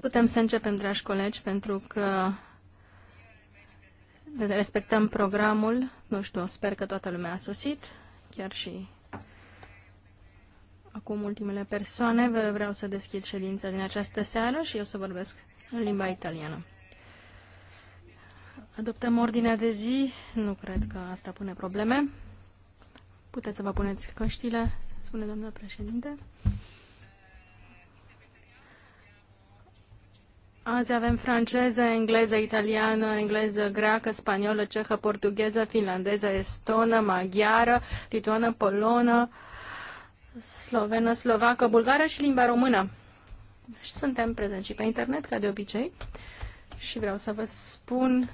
Putem să începem, dragi colegi, pentru că respectăm programul. Nu știu, sper că toată lumea a sosit, chiar și acum ultimele persoane. Vă vreau să deschid ședința din această seară și eu să vorbesc în limba italiană. Adoptăm ordinea de zi? Nu cred că asta pune probleme. Puteți să vă puneți căștile, spune doamna președinte. Azi avem franceză, engleză, italiană, engleză, greacă, spaniolă, cehă, portugheză, finlandeză, estonă, maghiară, lituană, polonă, slovenă, slovacă, bulgară și limba română. Și suntem prezenți și pe internet, ca de obicei. Și vreau să vă spun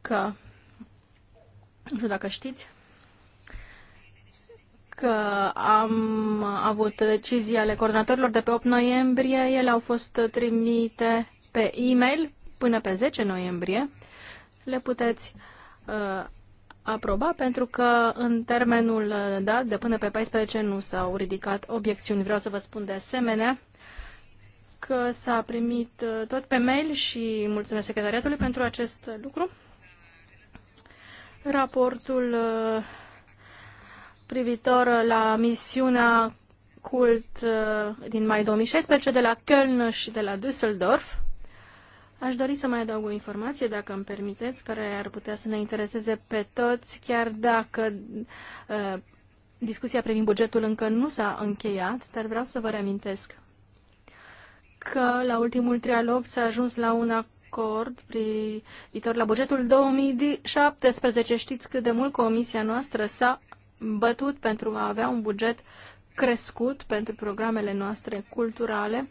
că, nu știu dacă știți, că am avut decizii ale coordonatorilor de pe 8 noiembrie. Ele au fost trimite pe e-mail până pe 10 noiembrie. Le puteți uh, aproba pentru că în termenul dat de până pe 14 nu s-au ridicat obiecțiuni. Vreau să vă spun de asemenea că s-a primit uh, tot pe mail și mulțumesc secretariatului pentru acest lucru. Raportul uh, privitor uh, la misiunea cult uh, din mai 2016 de la Köln și de la Düsseldorf. Aș dori să mai adaug o informație, dacă îmi permiteți, care ar putea să ne intereseze pe toți, chiar dacă uh, discuția privind bugetul încă nu s-a încheiat, dar vreau să vă reamintesc că la ultimul trialog s-a ajuns la un acord privitor la bugetul 2017. Știți cât de mult comisia noastră s-a bătut pentru a avea un buget crescut pentru programele noastre culturale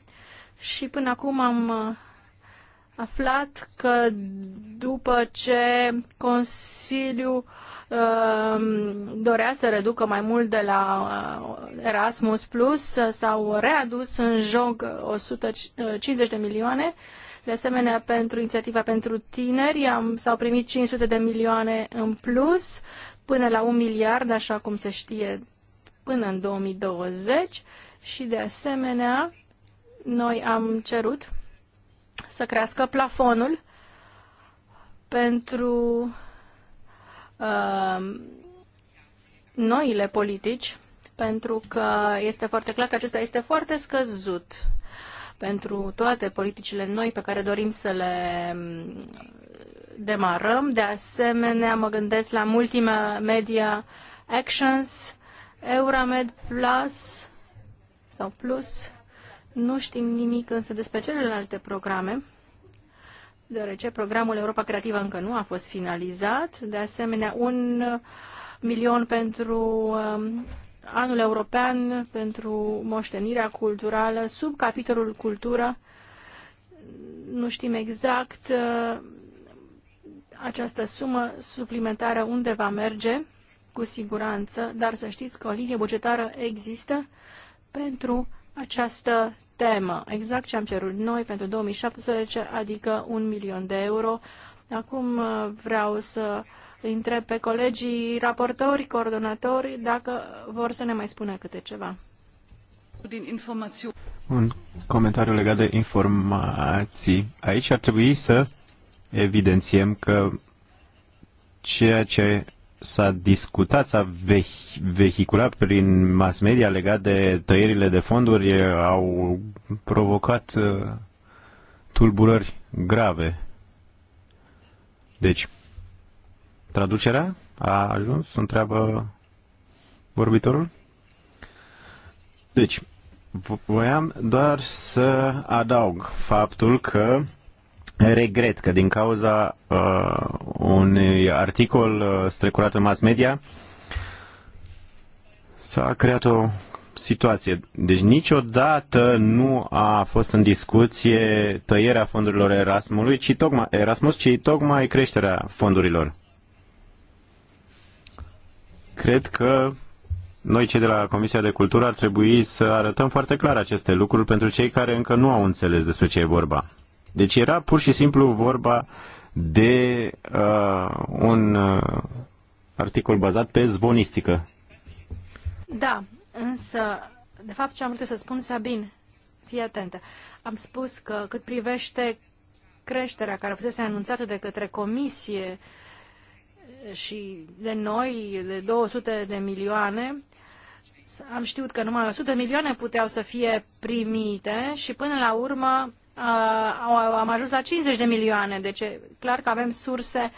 și până acum am uh, aflat că după ce Consiliul uh, dorea să reducă mai mult de la uh, Erasmus Plus, uh, s-au readus în joc 150 de milioane. De asemenea, pentru inițiativa pentru tineri s-au primit 500 de milioane în plus până la un miliard, așa cum se știe, până în 2020 și, de asemenea, noi am cerut să crească plafonul pentru uh, noile politici, pentru că este foarte clar că acesta este foarte scăzut pentru toate politicile noi pe care dorim să le demarăm. De asemenea, mă gândesc la Multimedia Actions, Euramed Plus sau Plus. Nu știm nimic însă despre celelalte programe, deoarece programul Europa Creativă încă nu a fost finalizat. De asemenea, un milion pentru um, anul european pentru moștenirea culturală, sub capitolul cultură, nu știm exact uh, această sumă suplimentară unde va merge, cu siguranță, dar să știți că o linie bugetară există pentru această temă, exact ce am cerut noi pentru 2017, adică un milion de euro. Acum uh, vreau să întreb pe colegii raportori, coordonatori, dacă vor să ne mai spună câte ceva. Un comentariu legat de informații. Aici ar trebui să evidențiem că ceea ce s-a discutat, s-a vehiculat prin mass media legat de tăierile de fonduri au provocat tulburări grave. Deci, traducerea a ajuns, întreabă vorbitorul. Deci, voiam doar să adaug faptul că regret că din cauza uh, unui articol uh, strecurat în mass media s-a creat o situație. Deci niciodată nu a fost în discuție tăierea fondurilor Erasmusului, ci tocmai, Erasmus, ci tocmai creșterea fondurilor. Cred că noi cei de la Comisia de Cultură ar trebui să arătăm foarte clar aceste lucruri pentru cei care încă nu au înțeles despre ce e vorba. Deci era pur și simplu vorba de uh, un uh, articol bazat pe zvonistică. Da, însă, de fapt ce am vrut să spun, Sabin, fii atentă. Am spus că cât privește creșterea care fusese anunțată de către comisie și de noi, de 200 de milioane, am știut că numai 100 milioane puteau să fie primite și până la urmă am ajuns la 50 de milioane, deci e clar că avem surse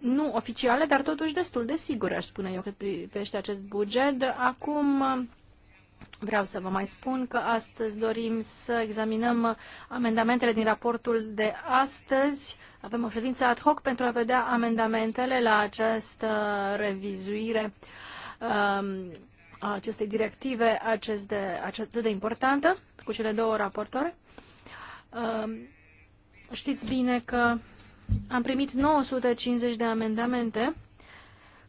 nu oficiale, dar totuși destul de sigure, aș spune eu, cât privește acest buget. Acum vreau să vă mai spun că astăzi dorim să examinăm amendamentele din raportul de astăzi. Avem o ședință ad hoc pentru a vedea amendamentele la această revizuire um, a acestei directive acest de, atât de importantă cu cele două raportoare. Um, știți bine că am primit 950 de amendamente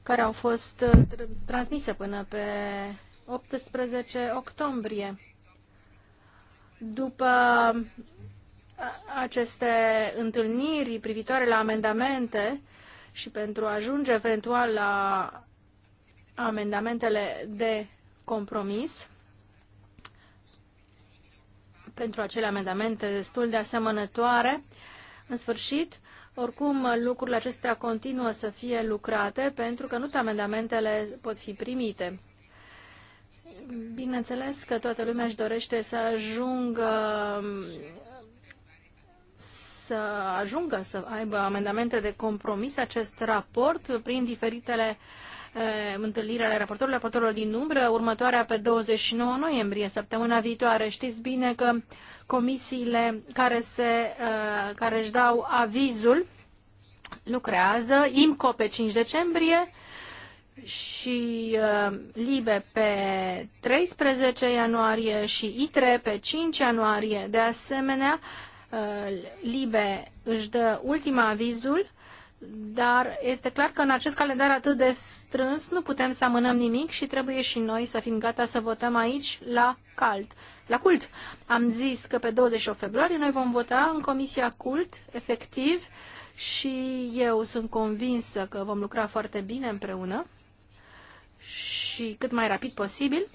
care au fost uh, transmise până pe 18 octombrie. După uh, aceste întâlniri privitoare la amendamente și pentru a ajunge eventual la amendamentele de compromis, pentru acele amendamente destul de asemănătoare. În sfârșit, oricum, lucrurile acestea continuă să fie lucrate pentru că nu toate amendamentele pot fi primite. Bineînțeles că toată lumea își dorește să ajungă să ajungă să aibă amendamente de compromis acest raport prin diferitele uh, întâlnire ale raportorilor, raportorilor din umbră, următoarea pe 29 noiembrie, săptămâna viitoare. Știți bine că comisiile care, se, uh, care își dau avizul lucrează, IMCO pe 5 decembrie și uh, LIBE pe 13 ianuarie și ITRE pe 5 ianuarie. De asemenea, uh, LIBE își dă ultima avizul dar este clar că în acest calendar atât de strâns nu putem să amânăm nimic și trebuie și noi să fim gata să votăm aici la cald. La cult. Am zis că pe 28 februarie noi vom vota în Comisia Cult, efectiv, și eu sunt convinsă că vom lucra foarte bine împreună și cât mai rapid posibil,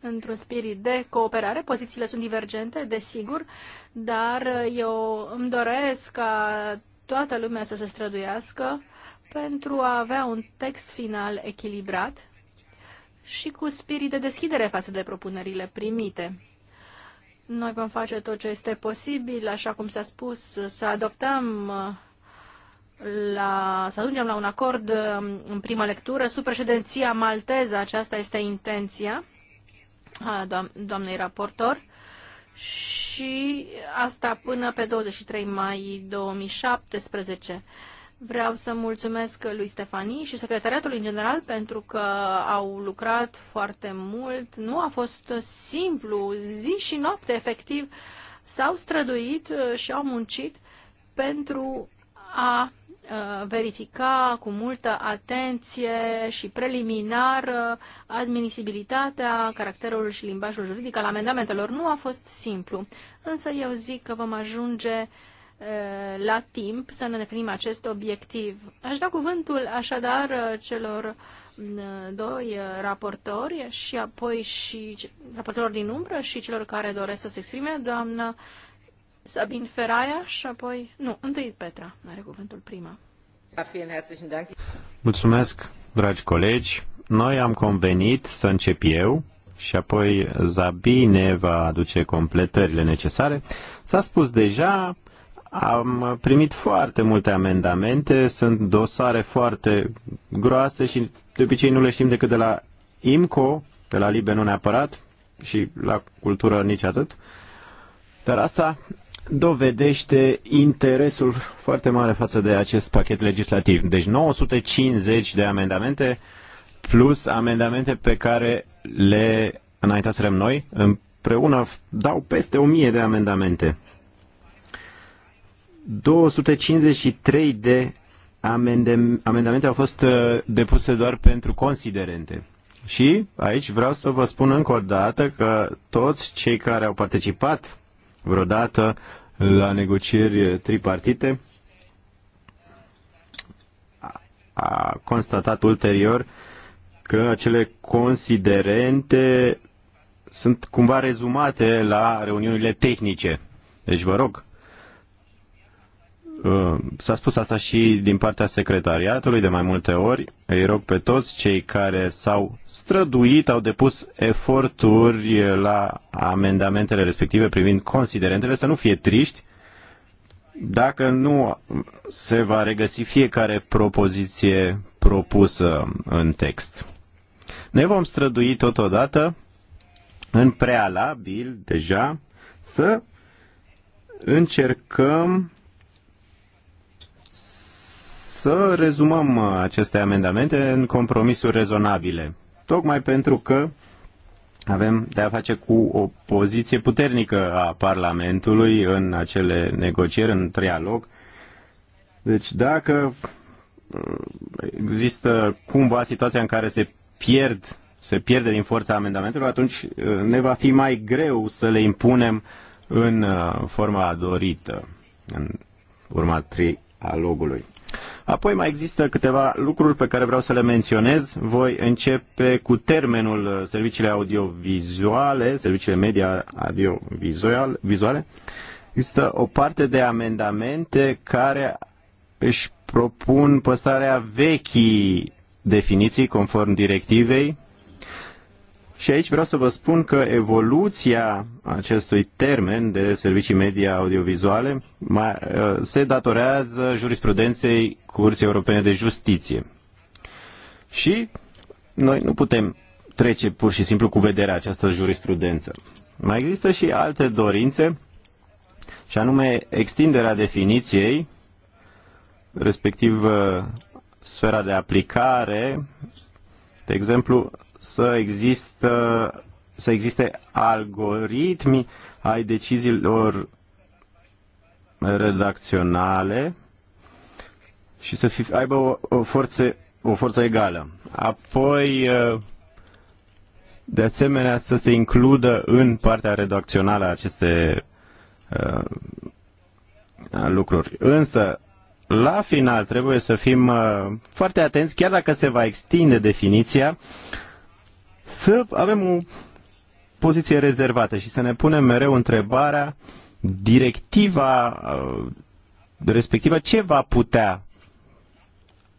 într-un spirit de cooperare. Pozițiile sunt divergente, desigur, dar eu îmi doresc ca toată lumea să se străduiască pentru a avea un text final echilibrat și cu spirit de deschidere față de propunerile primite. Noi vom face tot ce este posibil, așa cum s-a spus, să adoptăm la, să ajungem la un acord în prima lectură sub președinția malteză, aceasta este intenția a doam doamnei raportor și asta până pe 23 mai 2017. Vreau să mulțumesc lui Stefani și secretariatului în general pentru că au lucrat foarte mult. Nu a fost simplu, zi și noapte efectiv s-au străduit și au muncit pentru a Uh, verifica cu multă atenție și preliminar uh, admisibilitatea, caracterul și limbajul juridic al amendamentelor. Nu a fost simplu, însă eu zic că vom ajunge uh, la timp să ne îndeplinim acest obiectiv. Aș da cuvântul așadar celor doi raportori și apoi și raportorilor din umbră și celor care doresc să se exprime, doamna Sabin Feraia și apoi... Nu, întâi Petra are cuvântul prima. Mulțumesc, dragi colegi. Noi am convenit să încep eu și apoi Zabine va aduce completările necesare. S-a spus deja, am primit foarte multe amendamente, sunt dosare foarte groase și de obicei nu le știm decât de la IMCO, de la Libe nu neapărat și la cultură nici atât. Dar asta dovedește interesul foarte mare față de acest pachet legislativ. Deci 950 de amendamente plus amendamente pe care le înaintaserăm noi, împreună dau peste 1000 de amendamente. 253 de amendamente au fost uh, depuse doar pentru considerente. Și aici vreau să vă spun încă o dată că toți cei care au participat vreodată la negocieri tripartite. A constatat ulterior că acele considerente sunt cumva rezumate la reuniunile tehnice. Deci vă rog, Uh, s-a spus asta și din partea secretariatului de mai multe ori. Îi rog pe toți cei care s-au străduit, au depus eforturi la amendamentele respective privind considerentele să nu fie triști dacă nu se va regăsi fiecare propoziție propusă în text. Ne vom strădui totodată în prealabil deja să încercăm să rezumăm uh, aceste amendamente în compromisuri rezonabile. Tocmai pentru că avem de a face cu o poziție puternică a Parlamentului în acele negocieri, în trialog. Deci dacă uh, există cumva situația în care se pierd se pierde din forța amendamentelor, atunci uh, ne va fi mai greu să le impunem în forma dorită, în urma trialogului. Apoi mai există câteva lucruri pe care vreau să le menționez. Voi începe cu termenul uh, serviciile audiovizuale, serviciile media audiovizuale. Există o parte de amendamente care își propun păstrarea vechii definiții conform directivei și aici vreau să vă spun că evoluția acestui termen de servicii media audiovizuale uh, se datorează jurisprudenței Curții Europene de Justiție. Și noi nu putem trece pur și simplu cu vederea această jurisprudență. Mai există și alte dorințe, și anume extinderea definiției, respectiv uh, sfera de aplicare, de exemplu, să, există, să existe algoritmi ai deciziilor redacționale și să fi, aibă o, o, forță, o forță egală. Apoi, ă, de asemenea, să se includă în partea redacțională aceste uh, lucruri. Însă, la final, trebuie să fim uh, foarte atenți, chiar dacă se va extinde definiția, uh, să avem o poziție rezervată și să ne punem mereu întrebarea directiva uh, respectivă ce va putea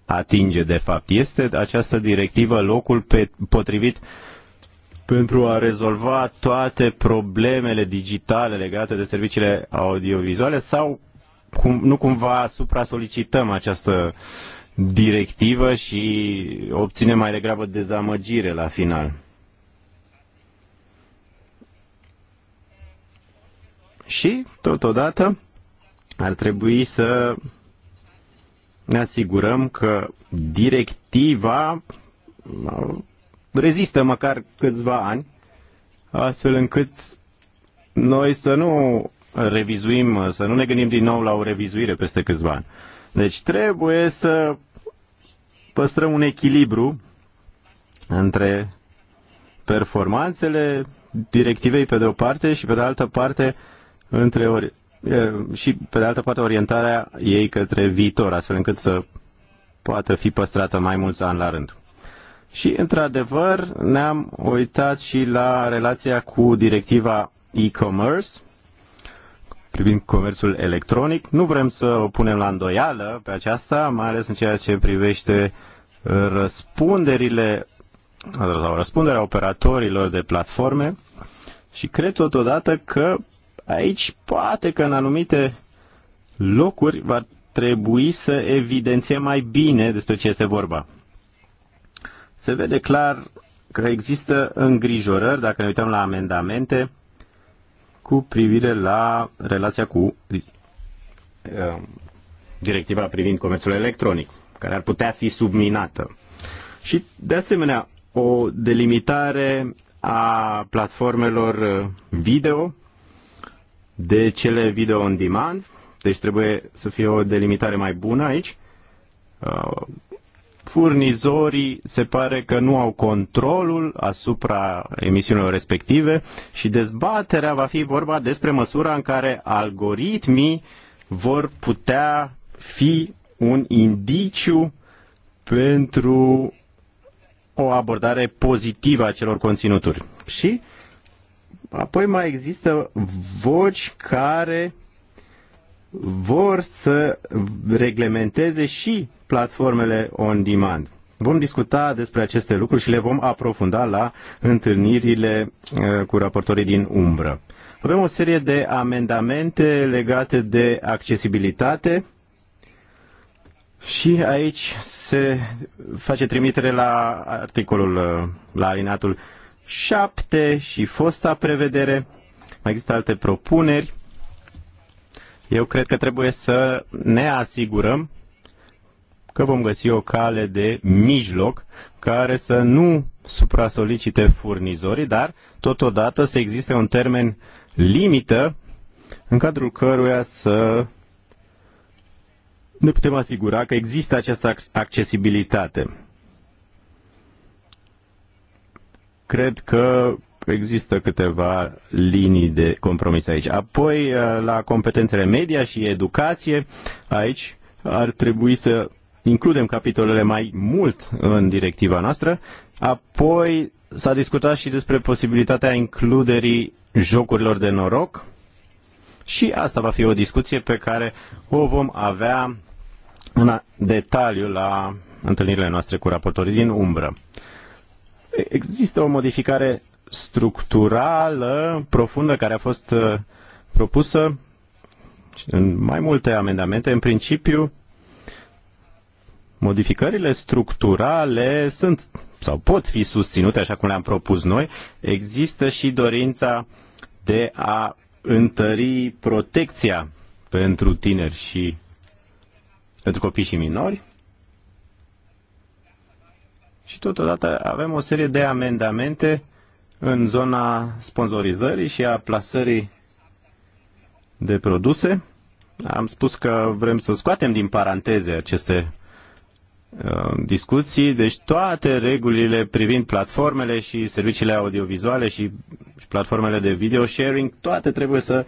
atinge de fapt. Este această directivă locul pe, potrivit pentru a rezolva toate problemele digitale legate de serviciile audiovizuale sau cum, nu cumva supra-solicităm această uh, directivă și obține mai degrabă dezamăgire la final. Și, totodată, ar trebui să ne asigurăm că directiva rezistă măcar câțiva ani, astfel încât noi să nu revizuim, să nu ne gândim din nou la o revizuire peste câțiva ani. Deci trebuie să păstrăm un echilibru între performanțele directivei pe de o parte și pe de altă parte între ori, și pe de altă parte orientarea ei către viitor, astfel încât să poată fi păstrată mai mulți ani la rând. Și, într-adevăr, ne-am uitat și la relația cu directiva e-commerce privind comerțul electronic. Nu vrem să o punem la îndoială pe aceasta, mai ales în ceea ce privește uh, răspunderile sau răspunderea operatorilor de platforme și cred totodată că aici poate că în anumite locuri va trebui să evidențiem mai bine despre ce este vorba. Se vede clar că există îngrijorări, dacă ne uităm la amendamente, cu privire la relația cu uh, directiva privind comerțul electronic, care ar putea fi subminată. Și, de asemenea, o delimitare a platformelor uh, video, de cele video on demand, deci trebuie să fie o delimitare mai bună aici, uh, furnizorii se pare că nu au controlul asupra emisiunilor respective și dezbaterea va fi vorba despre măsura în care algoritmii vor putea fi un indiciu pentru o abordare pozitivă a celor conținuturi. Și apoi mai există voci care vor să reglementeze și platformele on-demand. Vom discuta despre aceste lucruri și le vom aprofunda la întâlnirile uh, cu raportorii din umbră. Avem o serie de amendamente legate de accesibilitate și aici se face trimitere la articolul, uh, la alinatul 7 și fosta prevedere. Mai există alte propuneri eu cred că trebuie să ne asigurăm că vom găsi o cale de mijloc care să nu supra-solicite furnizorii, dar totodată să existe un termen limită în cadrul căruia să ne putem asigura că există această accesibilitate. Cred că există câteva linii de compromis aici. Apoi, uh, la competențele media și educație, aici ar trebui să includem capitolele mai mult în directiva noastră. Apoi s-a discutat și despre posibilitatea includerii jocurilor de noroc și asta va fi o discuție pe care o vom avea în detaliu la întâlnirile noastre cu raportorii din umbră. Există o modificare structurală profundă care a fost uh, propusă în mai multe amendamente. În principiu, modificările structurale sunt sau pot fi susținute așa cum le-am propus noi. Există și dorința de a întări protecția pentru tineri și pentru copii și minori. Și totodată avem o serie de amendamente în zona sponsorizării și a plasării de produse. Am spus că vrem să scoatem din paranteze aceste uh, discuții, deci toate regulile privind platformele și serviciile audiovizuale și platformele de video sharing, toate trebuie să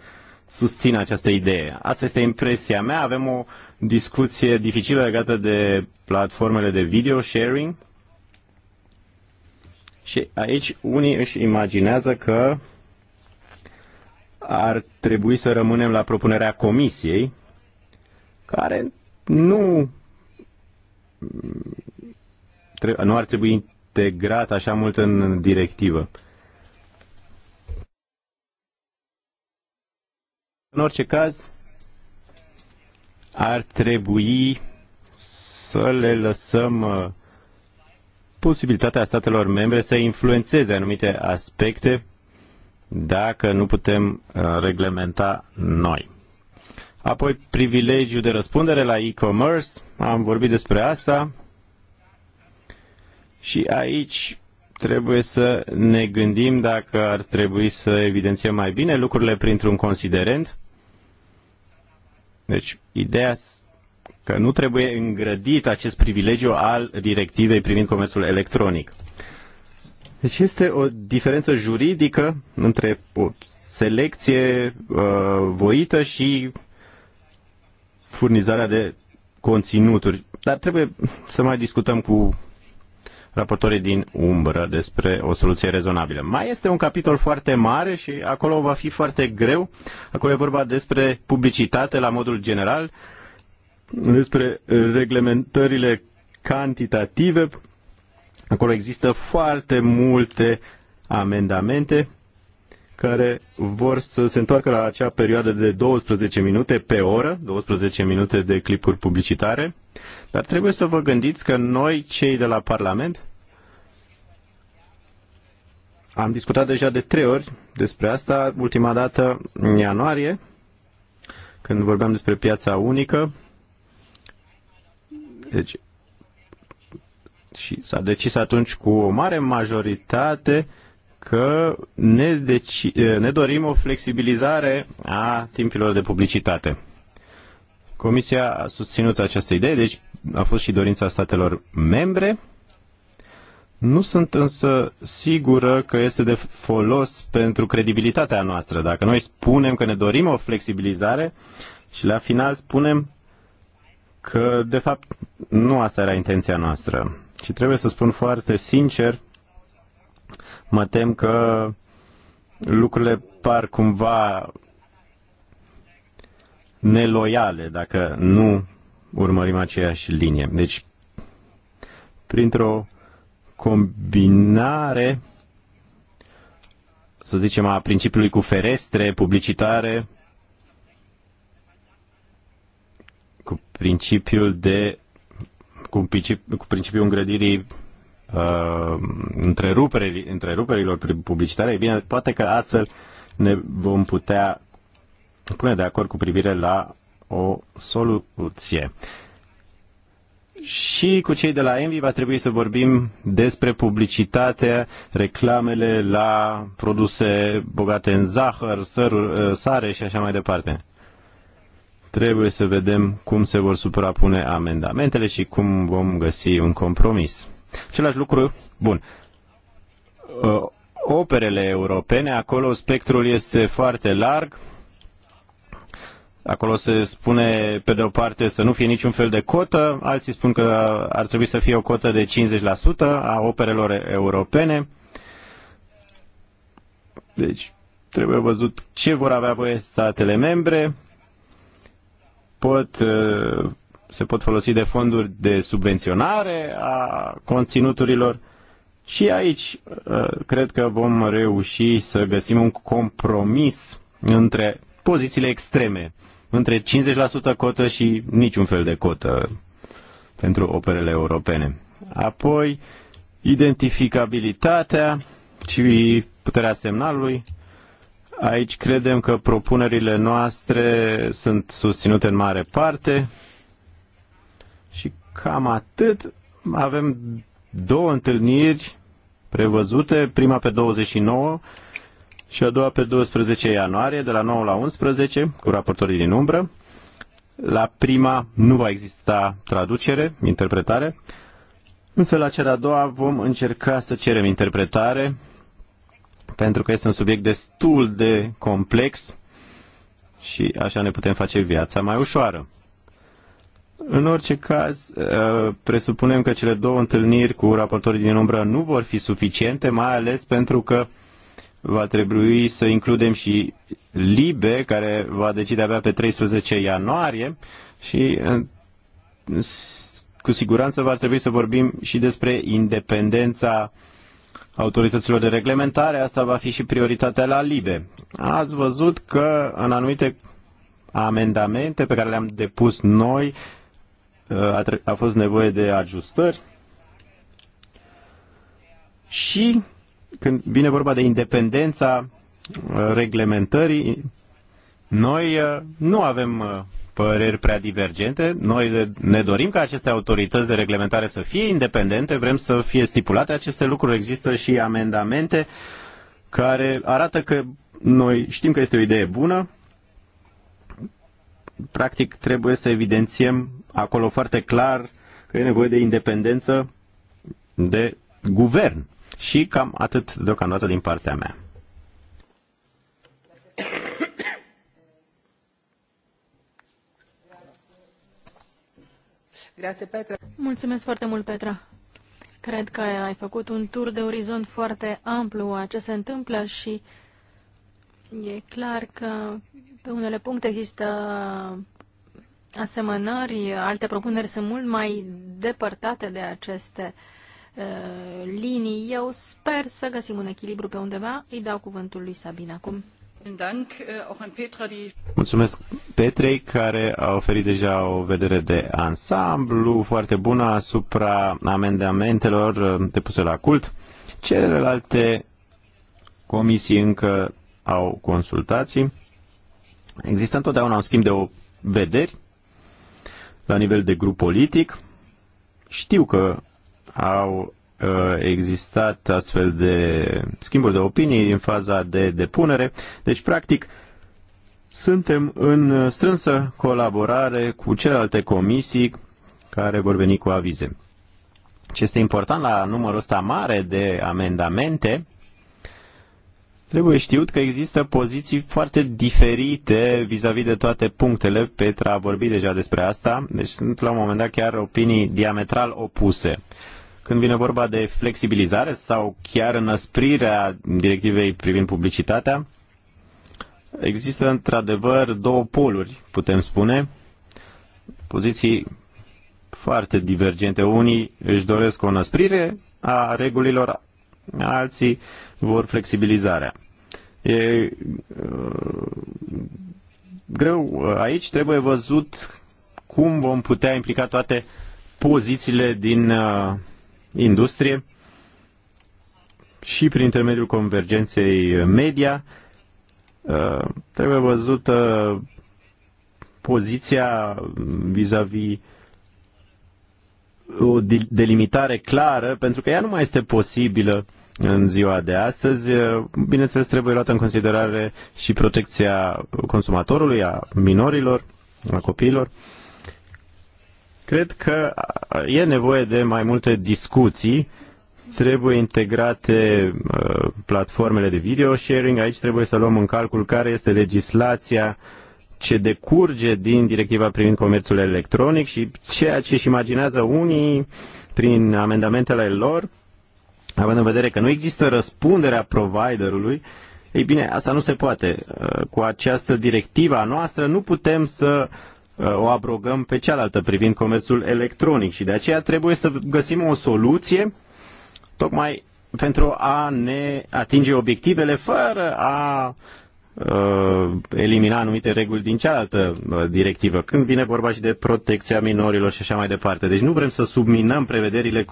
susțină această idee. Asta este impresia mea. Avem o discuție dificilă legată de platformele de video sharing și aici unii își imaginează că ar trebui să rămânem la propunerea comisiei, care nu, nu ar trebui integrat așa mult în directivă. În orice caz, ar trebui să le lăsăm uh, posibilitatea statelor membre să influențeze anumite aspecte dacă nu putem uh, reglementa noi. Apoi privilegiul de răspundere la e-commerce, am vorbit despre asta și aici trebuie să ne gândim dacă ar trebui să evidențiem mai bine lucrurile printr-un considerent. Deci, ideea că nu trebuie îngrădit acest privilegiu al directivei privind comerțul electronic. Deci este o diferență juridică între o selecție uh, voită și furnizarea de conținuturi. Dar trebuie să mai discutăm cu raportorii din umbră despre o soluție rezonabilă. Mai este un capitol foarte mare și acolo va fi foarte greu. Acolo e vorba despre publicitate la modul general despre eh, reglementările cantitative. Acolo există foarte multe amendamente care vor să se întoarcă la acea perioadă de 12 minute pe oră, 12 minute de clipuri publicitare, dar trebuie să vă gândiți că noi, cei de la Parlament, am discutat deja de trei ori despre asta, ultima dată în ianuarie, când vorbeam despre piața unică, deci, și s-a decis atunci cu o mare majoritate că ne, deci, ne dorim o flexibilizare a timpilor de publicitate. Comisia a susținut această idee, deci a fost și dorința statelor membre. Nu sunt însă sigură că este de folos pentru credibilitatea noastră. Dacă noi spunem că ne dorim o flexibilizare și la final spunem că, de fapt, nu asta era intenția noastră. Și trebuie să spun foarte sincer, mă tem că lucrurile par cumva neloiale dacă nu urmărim aceeași linie. Deci, printr-o combinare, să zicem, a principiului cu ferestre publicitare, principiul de cu, principi, cu principiul îngrădirii uh, întreruperi, întreruperilor publicitare, e bine, poate că astfel ne vom putea pune de acord cu privire la o soluție. Și cu cei de la Envi va trebui să vorbim despre publicitate, reclamele la produse bogate în zahăr, săruri, uh, sare și așa mai departe. Trebuie să vedem cum se vor suprapune amendamentele și cum vom găsi un compromis. Același lucru, bun, ă, operele europene, acolo spectrul este foarte larg, Acolo se spune, pe de o parte, să nu fie niciun fel de cotă, alții spun că ar trebui să fie o cotă de 50% a operelor europene. Deci, trebuie văzut ce vor avea voie statele membre pot, uh, se pot folosi de fonduri de subvenționare a conținuturilor și aici uh, cred că vom reuși să găsim un compromis între pozițiile extreme, între 50% cotă și niciun fel de cotă pentru operele europene. Apoi, identificabilitatea și puterea semnalului Aici credem că propunerile noastre sunt susținute în mare parte și cam atât. Avem două întâlniri prevăzute, prima pe 29 și a doua pe 12 ianuarie, de la 9 la 11, cu raportorii din umbră. La prima nu va exista traducere, interpretare, însă la cea de-a doua vom încerca să cerem interpretare pentru că este un subiect destul de complex și așa ne putem face viața mai ușoară. În orice caz, uh, presupunem că cele două întâlniri cu raportorii din umbră nu vor fi suficiente, mai ales pentru că va trebui să includem și Libe, care va decide abia pe 13 ianuarie și cu siguranță va trebui să vorbim și despre independența uh, autorităților de reglementare, asta va fi și prioritatea la LIBE. Ați văzut că în anumite amendamente pe care le-am depus noi uh, a, a fost nevoie de ajustări și când vine vorba de independența uh, reglementării, noi uh, nu avem păreri prea divergente. Noi ne dorim ca aceste autorități de reglementare să fie independente, vrem să fie stipulate aceste lucruri. Există și amendamente care arată că noi știm că este o idee bună, practic trebuie să evidențiem acolo foarte clar că e nevoie de independență de guvern. Și cam atât deocamdată din partea mea. Grazie, Petra. Mulțumesc foarte mult, Petra. Cred că ai făcut un tur de orizont foarte amplu a ce se întâmplă și e clar că pe unele puncte există asemănări, alte propuneri sunt mult mai depărtate de aceste uh, linii. Eu sper să găsim un echilibru pe undeva. Îi dau cuvântul lui Sabina acum. Äh, Mulțumesc Petrei care a oferit deja o vedere de ansamblu foarte bună asupra amendamentelor uh, depuse la cult. Celelalte comisii încă au consultații. Există întotdeauna un schimb de vederi la nivel de grup politic. Știu că au Uh, existat astfel de schimburi de opinii în faza de depunere. Deci, practic, suntem în strânsă colaborare cu celelalte comisii care vor veni cu avize. Ce este important la numărul ăsta mare de amendamente, trebuie știut că există poziții foarte diferite vis-a-vis -vis de toate punctele. Petra a vorbit deja despre asta, deci sunt la un moment dat chiar opinii diametral opuse când vine vorba de flexibilizare sau chiar înăsprirea directivei privind publicitatea, există într-adevăr două poluri, putem spune, poziții foarte divergente. Unii își doresc o năsprire a regulilor, alții vor flexibilizarea. E uh, greu. Uh, aici trebuie văzut cum vom putea implica toate pozițiile din uh, industrie și prin intermediul convergenței media uh, trebuie văzută poziția vis-a-vis -vis o delimitare clară, pentru că ea nu mai este posibilă în ziua de astăzi. Uh, bineînțeles, trebuie luată în considerare și protecția consumatorului, a minorilor, a copiilor. Cred că uh, e nevoie de mai multe discuții. Trebuie integrate uh, platformele de video sharing. Aici trebuie să luăm în calcul care este legislația ce decurge din directiva privind comerțul electronic și ceea ce își imaginează unii prin amendamentele lor, având în vedere că nu există răspunderea providerului, ei bine, asta nu se poate. Uh, cu această directivă a noastră nu putem să uh, Uh, o abrogăm pe cealaltă privind comerțul electronic și de aceea trebuie să găsim o soluție tocmai pentru a ne atinge obiectivele fără a uh, elimina anumite reguli din cealaltă uh, directivă, când vine vorba și de protecția minorilor și așa mai departe. Deci nu vrem să subminăm prevederile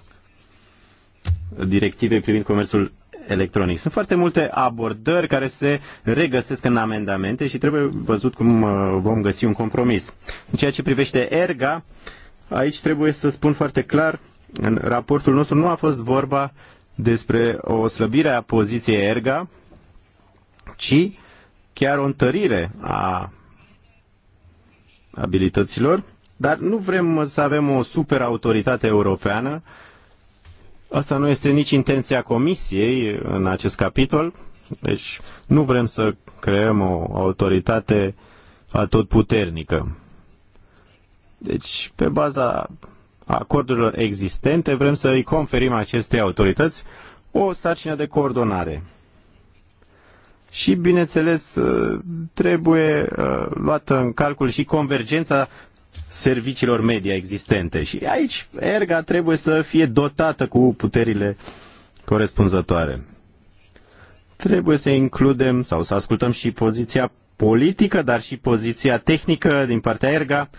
directivei privind comerțul electronic. Sunt foarte multe abordări care se regăsesc în amendamente și trebuie văzut cum uh, vom găsi un compromis. În ceea ce privește erga, aici trebuie să spun foarte clar, în raportul nostru nu a fost vorba despre o slăbire a poziției erga, ci chiar o întărire a abilităților, dar nu vrem să avem o superautoritate europeană Asta nu este nici intenția Comisiei în acest capitol, deci nu vrem să creăm o autoritate puternică. Deci, pe baza acordurilor existente, vrem să îi conferim acestei autorități o sarcină de coordonare. Și, bineînțeles, trebuie uh, luată în calcul și convergența serviciilor media existente. Și aici ERGA trebuie să fie dotată cu puterile corespunzătoare. Trebuie să includem sau să ascultăm și poziția politică, dar și poziția tehnică din partea ERGA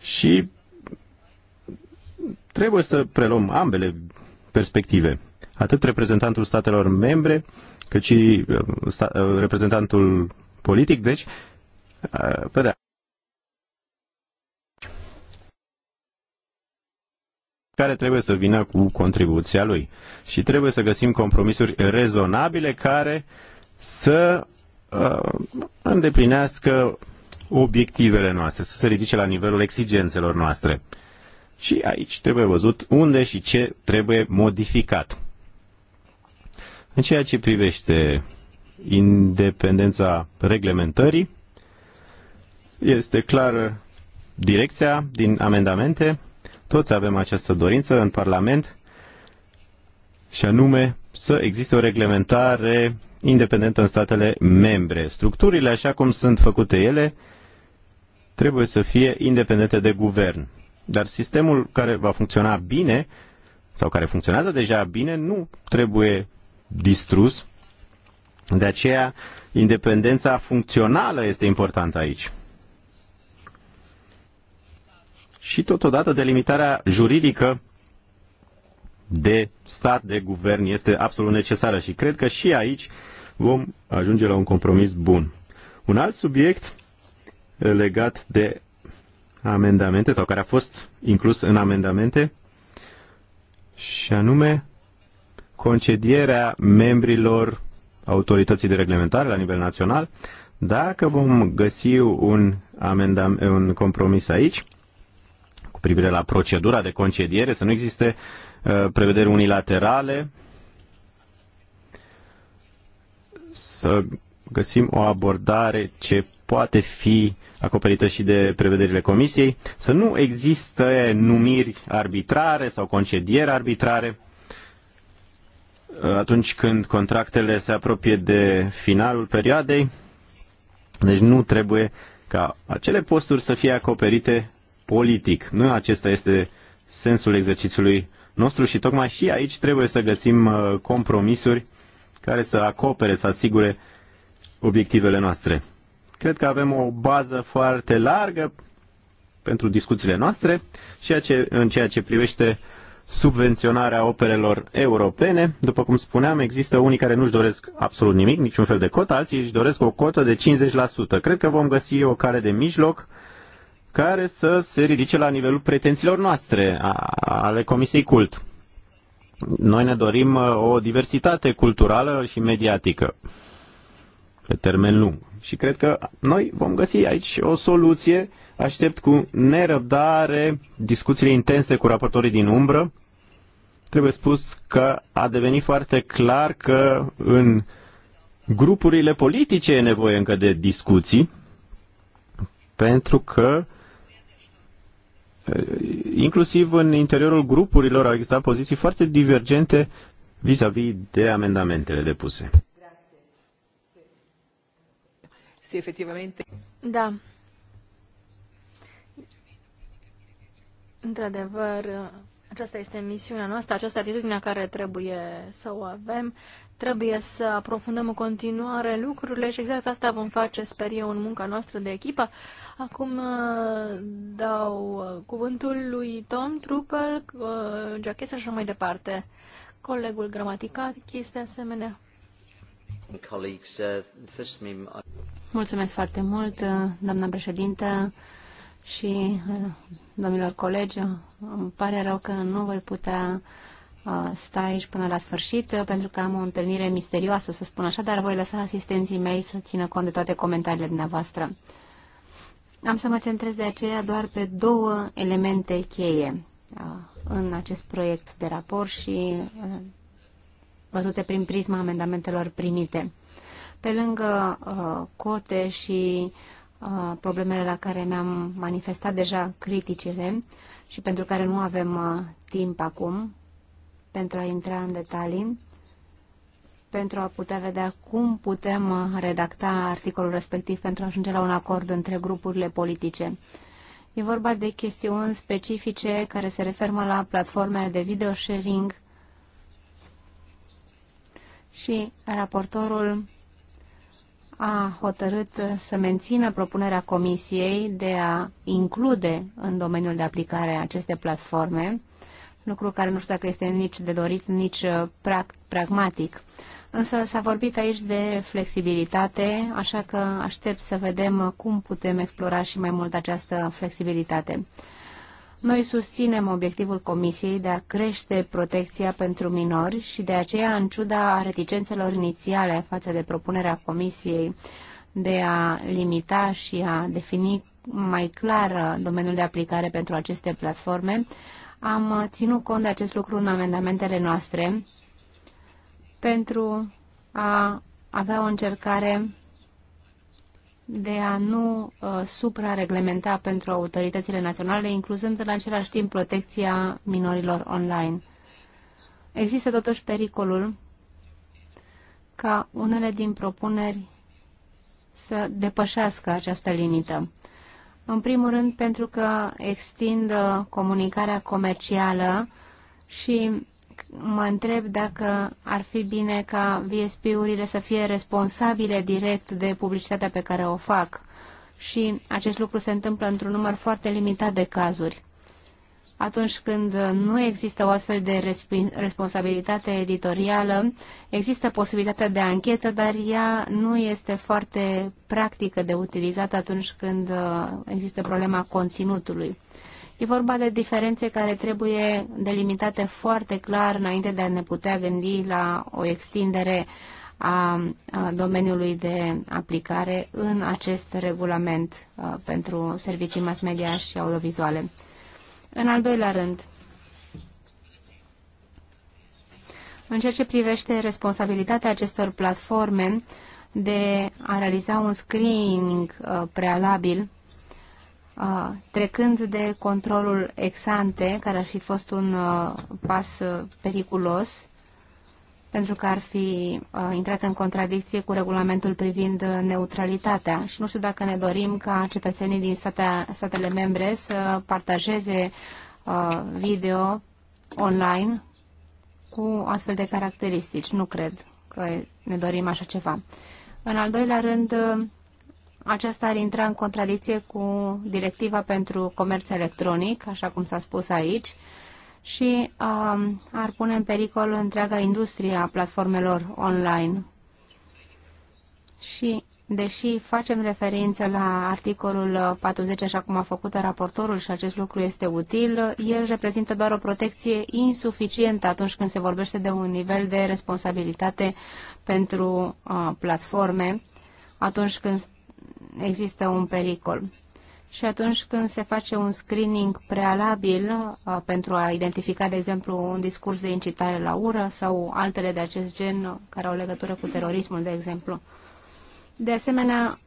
și trebuie să preluăm ambele perspective. Atât reprezentantul statelor membre, cât și uh, sta, uh, reprezentantul politic, deci, uh, pe de care trebuie să vină cu contribuția lui. Și trebuie să găsim compromisuri rezonabile care să uh, îndeplinească obiectivele noastre, să se ridice la nivelul exigențelor noastre. Și aici trebuie văzut unde și ce trebuie modificat. În ceea ce privește independența reglementării, este clară direcția din amendamente, toți avem această dorință în Parlament și anume să existe o reglementare independentă în statele membre. Structurile, așa cum sunt făcute ele, trebuie să fie independente de guvern. Dar sistemul care va funcționa bine sau care funcționează deja bine nu trebuie distrus. De aceea, independența funcțională este importantă aici și totodată delimitarea juridică de stat, de guvern este absolut necesară și cred că și aici vom ajunge la un compromis bun. Un alt subiect legat de amendamente sau care a fost inclus în amendamente și anume concedierea membrilor autorității de reglementare la nivel național. Dacă vom găsi un, amendam, un compromis aici, privire la procedura de concediere, să nu existe uh, prevederi unilaterale, să găsim o abordare ce poate fi acoperită și de prevederile comisiei, să nu există numiri arbitrare sau concedieri arbitrare uh, atunci când contractele se apropie de finalul perioadei, deci nu trebuie ca acele posturi să fie acoperite politic. Nu acesta este sensul exercițiului nostru și tocmai și aici trebuie să găsim uh, compromisuri care să acopere, să asigure obiectivele noastre. Cred că avem o bază foarte largă pentru discuțiile noastre, și în ceea ce privește subvenționarea operelor europene. După cum spuneam, există unii care nu-și doresc absolut nimic, niciun fel de cotă, alții își doresc o cotă de 50%. Cred că vom găsi o cale de mijloc care să se ridice la nivelul pretențiilor noastre, ale Comisiei Cult. Noi ne dorim uh, o diversitate culturală și mediatică pe termen lung. Și cred că noi vom găsi aici o soluție. Aștept cu nerăbdare discuțiile intense cu raportorii din umbră. Trebuie spus că a devenit foarte clar că în grupurile politice e nevoie încă de discuții, pentru că uh, Eh, inclusiv în interiorul grupurilor au existat poziții foarte divergente vis-a-vis -vis de amendamentele depuse. Da. Într-adevăr, aceasta este misiunea noastră, această atitudine care trebuie să o avem. Trebuie să aprofundăm în continuare lucrurile și exact asta vom face, sper eu, în munca noastră de echipă. Acum uh, dau uh, cuvântul lui Tom Trooper, Giachesa uh, și așa mai departe. Colegul gramaticat, este asemenea. Mulțumesc foarte mult, doamna președintă și domnilor colegi. Îmi pare rău că nu voi putea sta aici până la sfârșit uh, pentru că am o întâlnire misterioasă, să spun așa, dar voi lăsa asistenții mei să țină cont de toate comentariile dumneavoastră. Am să mă centrez de aceea doar pe două elemente cheie uh, în acest proiect de raport și uh, văzute prin prisma amendamentelor primite. Pe lângă cote și problemele la care mi-am manifestat deja criticile și pentru care nu avem timp acum, pentru a intra în detalii, pentru a putea vedea cum putem redacta articolul respectiv pentru a ajunge la un acord între grupurile politice. E vorba de chestiuni specifice care se referă la platformele de video sharing și raportorul a hotărât să mențină propunerea Comisiei de a include în domeniul de aplicare aceste platforme lucru care nu știu dacă este nici de dorit, nici uh, pragmatic. Însă s-a vorbit aici de flexibilitate, așa că aștept să vedem uh, cum putem explora și mai mult această flexibilitate. Noi susținem obiectivul Comisiei de a crește protecția pentru minori și de aceea, în ciuda reticențelor inițiale față de propunerea Comisiei de a limita și a defini mai clar uh, domeniul de aplicare pentru aceste platforme, am uh, ținut cont de acest lucru în amendamentele noastre pentru a avea o încercare de a nu uh, suprareglementa pentru autoritățile naționale, incluzând în același timp protecția minorilor online. Există totuși pericolul ca unele din propuneri să depășească această limită. În primul rând pentru că extind uh, comunicarea comercială și mă întreb dacă ar fi bine ca VSP-urile să fie responsabile direct de publicitatea pe care o fac. Și acest lucru se întâmplă într-un număr foarte limitat de cazuri atunci când nu există o astfel de responsabilitate editorială, există posibilitatea de anchetă, dar ea nu este foarte practică de utilizat atunci când uh, există problema conținutului. E vorba de diferențe care trebuie delimitate foarte clar înainte de a ne putea gândi la o extindere a domeniului de aplicare în acest regulament uh, pentru servicii mass media și audiovizuale. În al doilea rând, în ceea ce privește responsabilitatea acestor platforme de a realiza un screening uh, prealabil, uh, trecând de controlul ex ante, care ar fi fost un uh, pas uh, periculos, pentru că ar fi uh, intrat în contradicție cu regulamentul privind neutralitatea. Și nu știu dacă ne dorim ca cetățenii din statea, statele membre să partajeze uh, video online cu astfel de caracteristici. Nu cred că ne dorim așa ceva. În al doilea rând, uh, aceasta ar intra în contradicție cu directiva pentru comerț electronic, așa cum s-a spus aici, uh, și uh, ar pune în pericol întreaga industrie a platformelor online. Și deși facem referință la articolul 40, așa cum a făcut raportorul și acest lucru este util, el reprezintă doar o protecție insuficientă atunci când se vorbește de un nivel de responsabilitate pentru uh, platforme, atunci când există un pericol și atunci când se face un screening prealabil uh, pentru a identifica, de exemplu, un discurs de incitare la ură sau altele de acest gen care au legătură cu terorismul, de exemplu. De asemenea,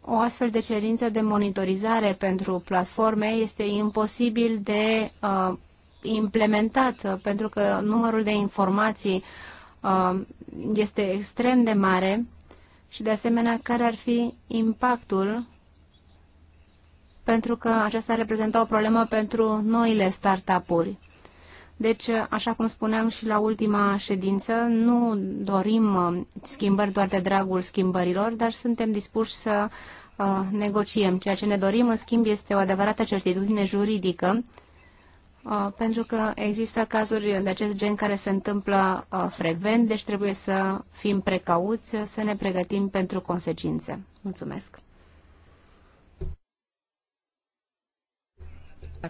o astfel de cerință de monitorizare pentru platforme este imposibil de uh, implementat, uh, pentru că numărul de informații uh, este extrem de mare și, de asemenea, care ar fi impactul pentru că aceasta reprezenta o problemă pentru noile startup-uri. Deci, așa cum spuneam și la ultima ședință, nu dorim uh, schimbări doar de dragul schimbărilor, dar suntem dispuși să uh, negociem. Ceea ce ne dorim, în schimb, este o adevărată certitudine juridică, uh, pentru că există cazuri de acest gen care se întâmplă frecvent, deci trebuie să fim precauți, să ne pregătim pentru consecințe. Mulțumesc!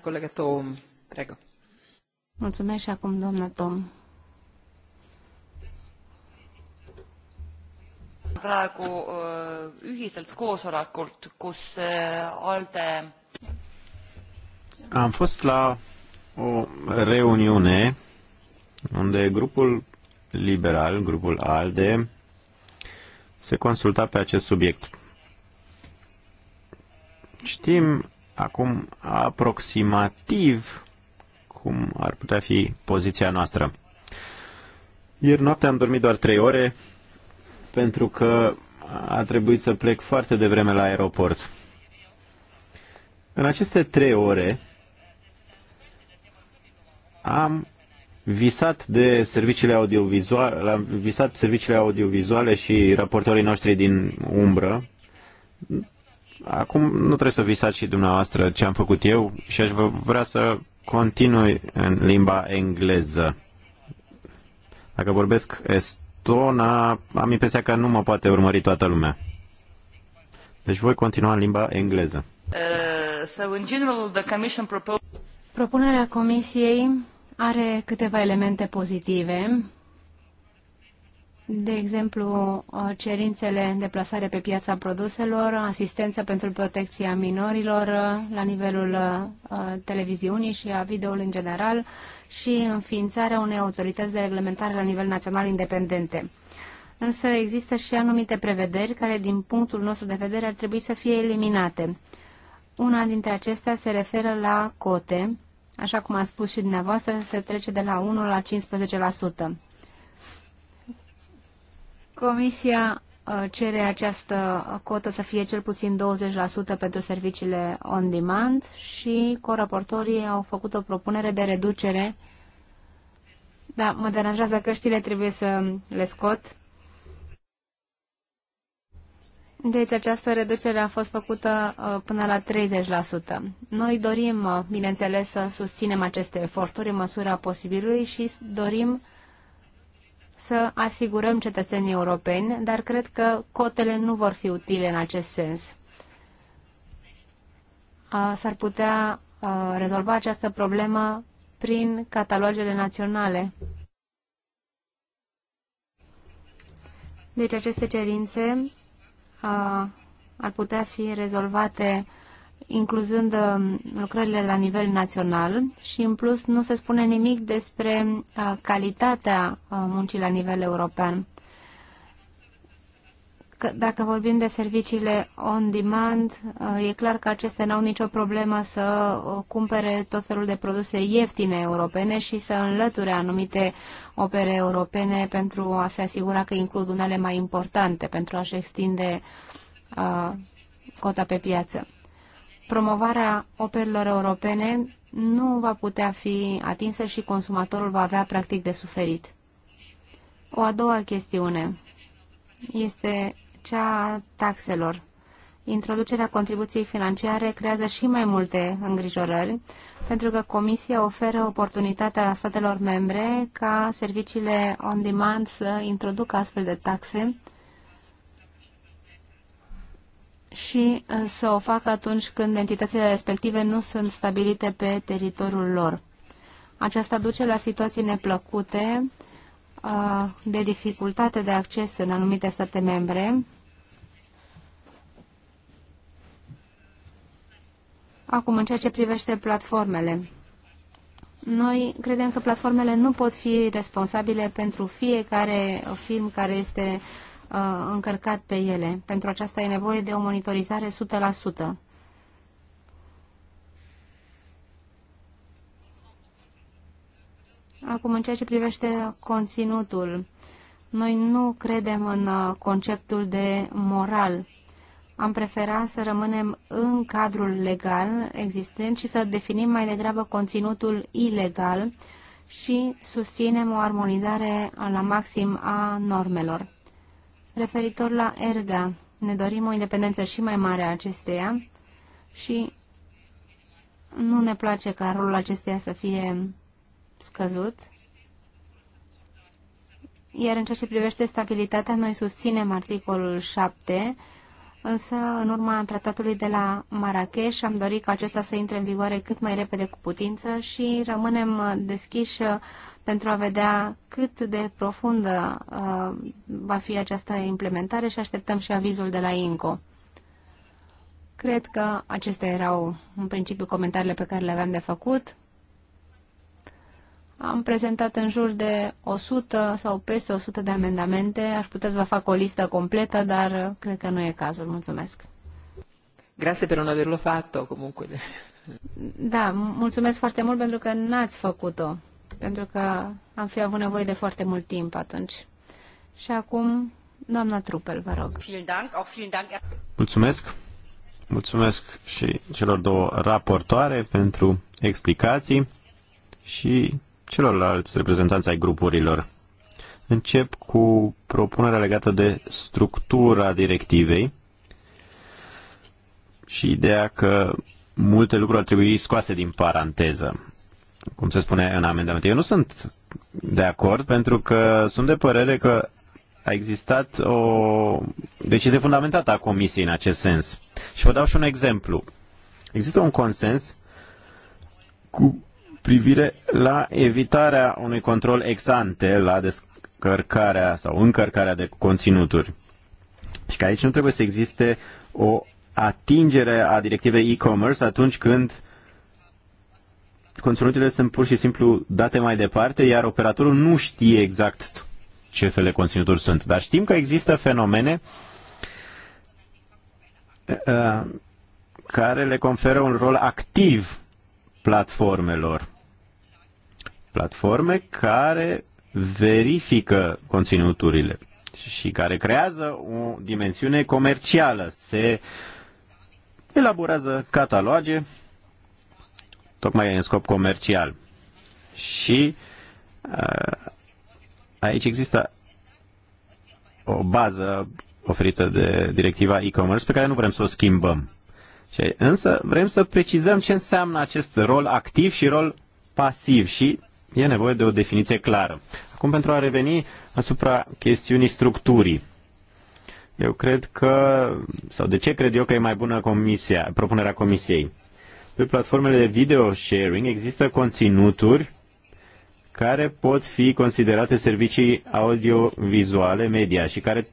Colegă Tom, prego. Mulțumesc și acum, doamna Tom. praegu äh, ühiselt koosolekult, kus äh, alte. Am fost la o reuniune unde grupul liberal, grupul ALDE, se consulta pe acest subiect. Știm acum aproximativ cum ar putea fi poziția noastră. Ieri noapte am dormit doar 3 ore pentru că a trebuit să plec foarte devreme la aeroport. În aceste 3 ore am visat de serviciile audiovizuale, am visat serviciile audiovizuale și raportorii noștri din umbră, Acum nu trebuie să visați și dumneavoastră ce am făcut eu și aș vrea să continui în limba engleză. Dacă vorbesc estona, am impresia că nu mă poate urmări toată lumea. Deci voi continua în limba engleză. Uh, so in general, the commission Propunerea comisiei are câteva elemente pozitive de exemplu, cerințele în deplasare pe piața produselor, asistență pentru protecția minorilor la nivelul uh, televiziunii și a videoului în general și înființarea unei autorități de reglementare la nivel național independente. Însă există și anumite prevederi care, din punctul nostru de vedere, ar trebui să fie eliminate. Una dintre acestea se referă la cote, așa cum a spus și dumneavoastră, se trece de la 1 la Comisia uh, cere această cotă să fie cel puțin 20% pentru serviciile on-demand și coraportorii au făcut o propunere de reducere. Da, mă deranjează căștile, trebuie să le scot. Deci această reducere a fost făcută uh, până la 30%. Noi dorim, uh, bineînțeles, să susținem aceste eforturi în măsura posibilului și dorim să asigurăm cetățenii europeni, dar cred că cotele nu vor fi utile în acest sens. S-ar putea rezolva această problemă prin catalogele naționale. Deci aceste cerințe ar putea fi rezolvate incluzând uh, lucrările la nivel național și în plus nu se spune nimic despre uh, calitatea uh, muncii la nivel european. Că dacă vorbim de serviciile on-demand, e clar că acestea n-au nicio problemă să cumpere tot felul de produse ieftine europene și să înlăture anumite opere europene pentru a se asigura că includ unele mai importante pentru a-și extinde uh, cota pe piață promovarea operelor europene nu va putea fi atinsă și consumatorul va avea practic de suferit. O a doua chestiune este cea a taxelor. Introducerea contribuției financiare creează și mai multe îngrijorări, pentru că Comisia oferă oportunitatea statelor membre ca serviciile on-demand să introducă astfel de taxe și uh, să o facă atunci când entitățile respective nu sunt stabilite pe teritoriul lor. Aceasta duce la situații neplăcute uh, de dificultate de acces în anumite state membre. Acum, în ceea ce privește platformele, noi credem că platformele nu pot fi responsabile pentru fiecare film care este uh, Uh, încărcat pe ele. Pentru aceasta e nevoie de o monitorizare 100%. Acum, în ceea ce privește conținutul, noi nu credem în uh, conceptul de moral. Am preferat să rămânem în cadrul legal existent și să definim mai degrabă conținutul ilegal și susținem o armonizare la maxim a normelor. Referitor la ERGA, ne dorim o independență și mai mare a acesteia și nu ne place ca rolul acesteia să fie scăzut. Iar în ceea ce privește stabilitatea, noi susținem articolul 7, însă în urma tratatului de la Marrakesh am dorit ca acesta să intre în vigoare cât mai repede cu putință și rămânem deschiși pentru a vedea cât de profundă uh, va fi această implementare și așteptăm și avizul de la INCO. Cred că acestea erau în principiu comentariile pe care le aveam de făcut. Am prezentat în jur de 100 sau peste 100 de amendamente. Aș putea să vă fac o listă completă, dar cred că nu e cazul. Mulțumesc. Grazie per non averlo fatto, comunque. Da, mulțumesc foarte mult pentru că n-ați făcut-o pentru că am fi avut nevoie de foarte mult timp atunci. Și acum, doamna Trupel, vă rog. Mulțumesc. Mulțumesc și celor două raportoare pentru explicații și celorlalți reprezentanți ai grupurilor. Încep cu propunerea legată de structura directivei și ideea că multe lucruri ar trebui scoase din paranteză cum se spune în amendament. Eu nu sunt de acord pentru că sunt de părere că a existat o decizie fundamentată a Comisiei în acest sens. Și vă dau și un exemplu. Există un consens cu privire la evitarea unui control ex ante la descărcarea sau încărcarea de conținuturi. Și că aici nu trebuie să existe o atingere a directivei e-commerce atunci când Conținuturile sunt pur și simplu date mai departe, iar operatorul nu știe exact ce fel de conținuturi sunt. Dar știm că există fenomene uh, care le conferă un rol activ platformelor. Platforme care verifică conținuturile și care creează o dimensiune comercială. Se elaborează cataloge tocmai în scop comercial. Și uh, aici există o bază oferită de directiva e-commerce pe care nu vrem să o schimbăm. Însă vrem să precizăm ce înseamnă acest rol activ și rol pasiv și e nevoie de o definiție clară. Acum pentru a reveni asupra chestiunii structurii. Eu cred că, sau de ce cred eu că e mai bună comisia, propunerea comisiei? pe platformele de video sharing există conținuturi care pot fi considerate servicii audio-vizuale media și care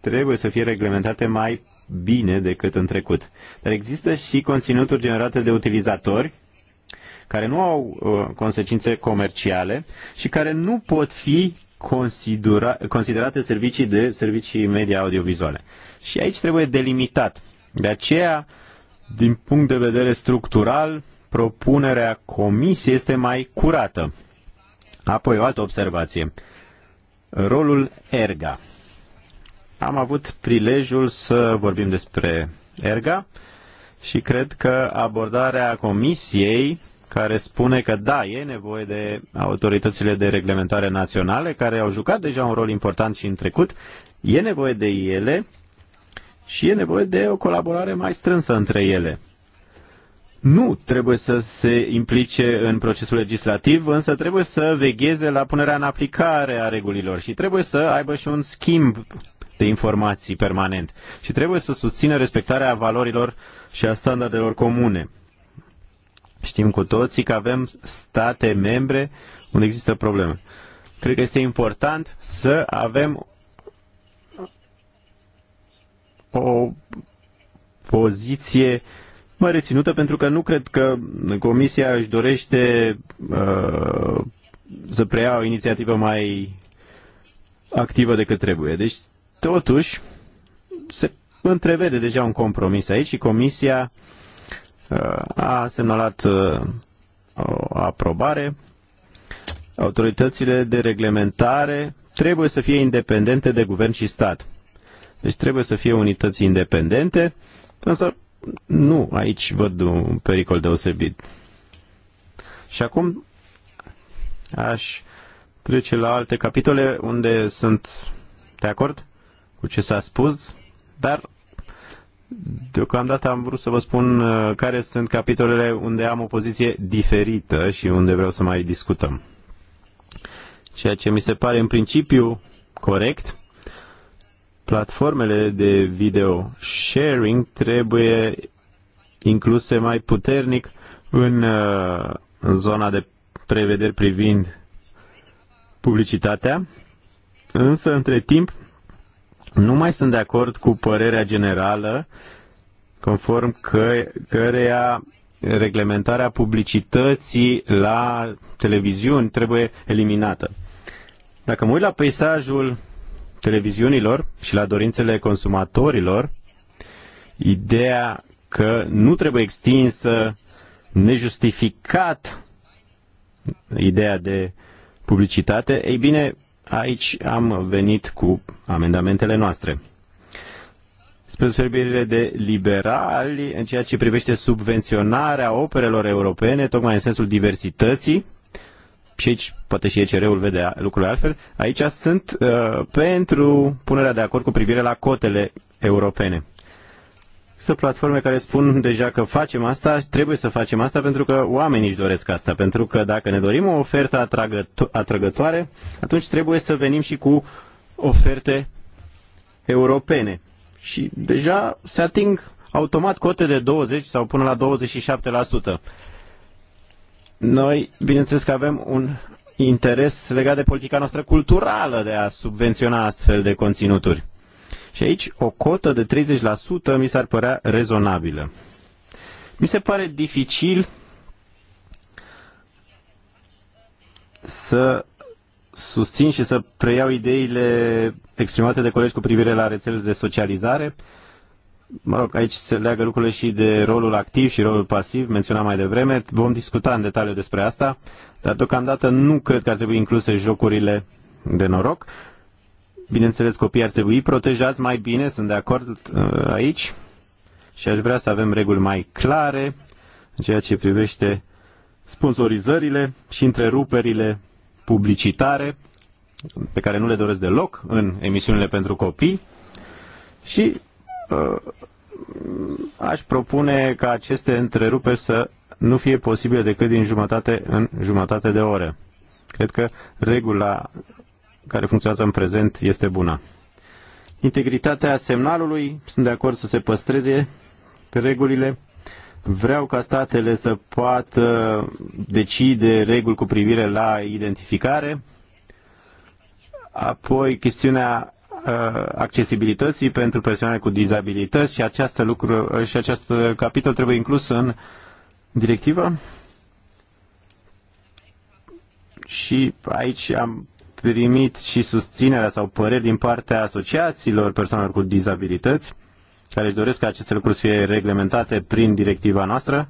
trebuie să fie reglementate mai bine decât în trecut. Dar există și conținuturi generate de utilizatori care nu au uh, consecințe comerciale și care nu pot fi considera, considerate servicii de servicii media audiovizuale. Și aici trebuie delimitat. De aceea din punct de vedere structural, propunerea comisiei este mai curată. Apoi o altă observație. Rolul ERGA. Am avut prilejul să vorbim despre ERGA și cred că abordarea comisiei care spune că da, e nevoie de autoritățile de reglementare naționale care au jucat deja un rol important și în trecut, e nevoie de ele și e nevoie de o colaborare mai strânsă între ele. Nu trebuie să se implice în procesul legislativ, însă trebuie să vegheze la punerea în aplicare a regulilor și trebuie să aibă și un schimb de informații permanent și trebuie să susțină respectarea valorilor și a standardelor comune. Știm cu toții că avem state membre unde există probleme. Cred că este important să avem o poziție mai reținută pentru că nu cred că Comisia își dorește uh, să preia o inițiativă mai activă decât trebuie. Deci, totuși, se întrevede deja un compromis aici și Comisia uh, a semnalat uh, o aprobare. Autoritățile de reglementare trebuie să fie independente de guvern și stat. Deci trebuie să fie unități independente, însă nu, aici văd un pericol deosebit. Și acum aș trece la alte capitole unde sunt de acord cu ce s-a spus, dar deocamdată am vrut să vă spun uh, care sunt capitolele unde am o poziție diferită și unde vreau să mai discutăm. Ceea ce mi se pare în principiu corect platformele de video sharing trebuie incluse mai puternic în, uh, în zona de prevederi privind publicitatea, însă între timp nu mai sunt de acord cu părerea generală conform că, căreia reglementarea publicității la televiziuni trebuie eliminată. Dacă mă uit la peisajul televiziunilor și la dorințele consumatorilor ideea că nu trebuie extinsă nejustificat ideea de publicitate, ei bine, aici am venit cu amendamentele noastre. Spre deosebire de liberali, în ceea ce privește subvenționarea operelor europene, tocmai în sensul diversității, și aici poate și ECR-ul vede lucrurile altfel, aici sunt uh, pentru punerea de acord cu privire la cotele europene. Sunt platforme care spun deja că facem asta, trebuie să facem asta pentru că oamenii își doresc asta, pentru că dacă ne dorim o ofertă atragăto- atrăgătoare, atunci trebuie să venim și cu oferte europene. Și deja se ating automat cote de 20 sau până la 27%. Noi, bineînțeles că avem un interes legat de politica noastră culturală de a subvenționa astfel de conținuturi. Și aici o cotă de 30% mi s-ar părea rezonabilă. Mi se pare dificil să susțin și să preiau ideile exprimate de colegi cu privire la rețelele de socializare. Uh, mă rog, aici se leagă lucrurile și de rolul activ și rolul pasiv, menționat mai devreme. Vom discuta în detaliu despre asta, dar deocamdată nu cred că ar trebui incluse jocurile de noroc. Bineînțeles, copiii ar trebui protejați mai bine, sunt de acord uh, aici și aș vrea să avem reguli mai clare în ceea ce privește sponsorizările și întreruperile publicitare pe care nu le doresc deloc în emisiunile pentru copii și Mm, aș propune ca aceste întreruperi să nu fie posibile decât din jumătate în jumătate de ore. Cred că regula care funcționează în prezent este bună. Integritatea semnalului, sunt de acord să se păstreze regulile. Vreau ca statele să poată decide reguli cu privire la identificare. Apoi, chestiunea Uh, accesibilității pentru persoane cu dizabilități și, această lucru, uh, și acest capitol trebuie inclus în directivă. Și aici am primit și susținerea sau păreri din partea asociațiilor persoanelor cu dizabilități care își doresc ca aceste lucruri să fie reglementate prin directiva noastră,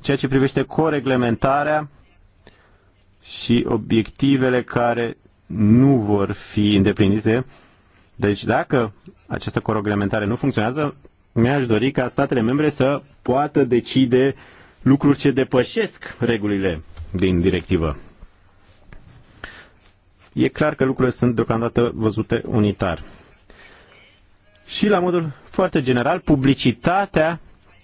ceea ce privește coreglementarea și obiectivele care nu vor fi îndeplinite deci dacă această coreglementare nu funcționează, mi-aș dori ca statele membre să poată decide lucruri ce depășesc regulile din directivă. E clar că lucrurile sunt deocamdată văzute unitar. Și la modul foarte general, publicitatea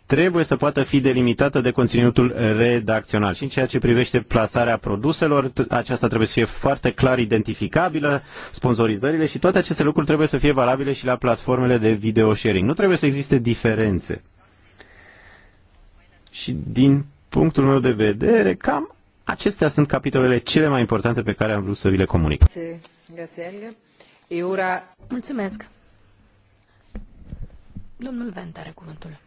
trebuie să poată fi delimitată de conținutul redacțional. Și în ceea ce privește plasarea produselor, aceasta trebuie să fie foarte clar identificabilă, sponsorizările și toate aceste lucruri trebuie să fie valabile și la platformele de video sharing. Nu trebuie să existe diferențe. Și din punctul meu de vedere, cam acestea sunt capitolele cele mai importante pe care am vrut să vi le comunic. Mulțumesc. Domnul Vent are cuvântul.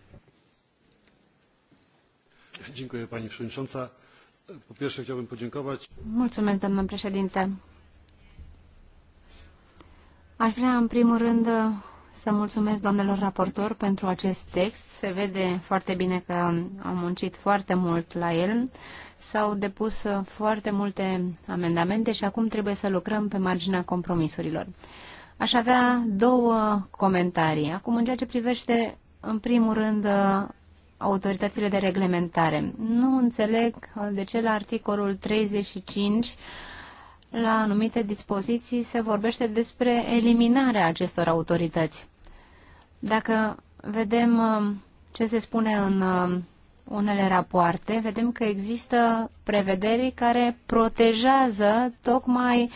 Mulțumesc, președinte. Aș vrea, în primul rând, să mulțumesc doamnelor raportor pentru acest text. Se vede foarte bine că am muncit foarte mult la el. S-au depus foarte multe amendamente și acum trebuie să lucrăm pe marginea compromisurilor. Aș avea două comentarii. Acum, în ceea ce privește, în primul rând, autoritățile de reglementare. Nu înțeleg de ce la articolul 35 la anumite dispoziții se vorbește despre eliminarea acestor autorități. Dacă vedem uh, ce se spune în uh, unele rapoarte, vedem că există prevederi care protejează tocmai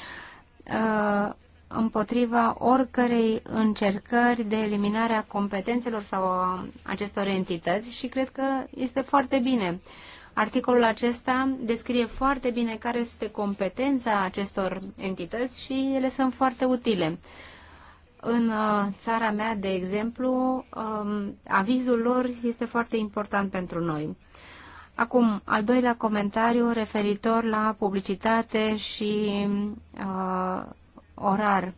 uh, împotriva oricărei încercări de eliminare a competențelor sau a acestor entități și cred că este foarte bine. Articolul acesta descrie foarte bine care este competența acestor entități și ele sunt foarte utile. În uh, țara mea, de exemplu, um, avizul lor este foarte important pentru noi. Acum, al doilea comentariu referitor la publicitate și uh, orar.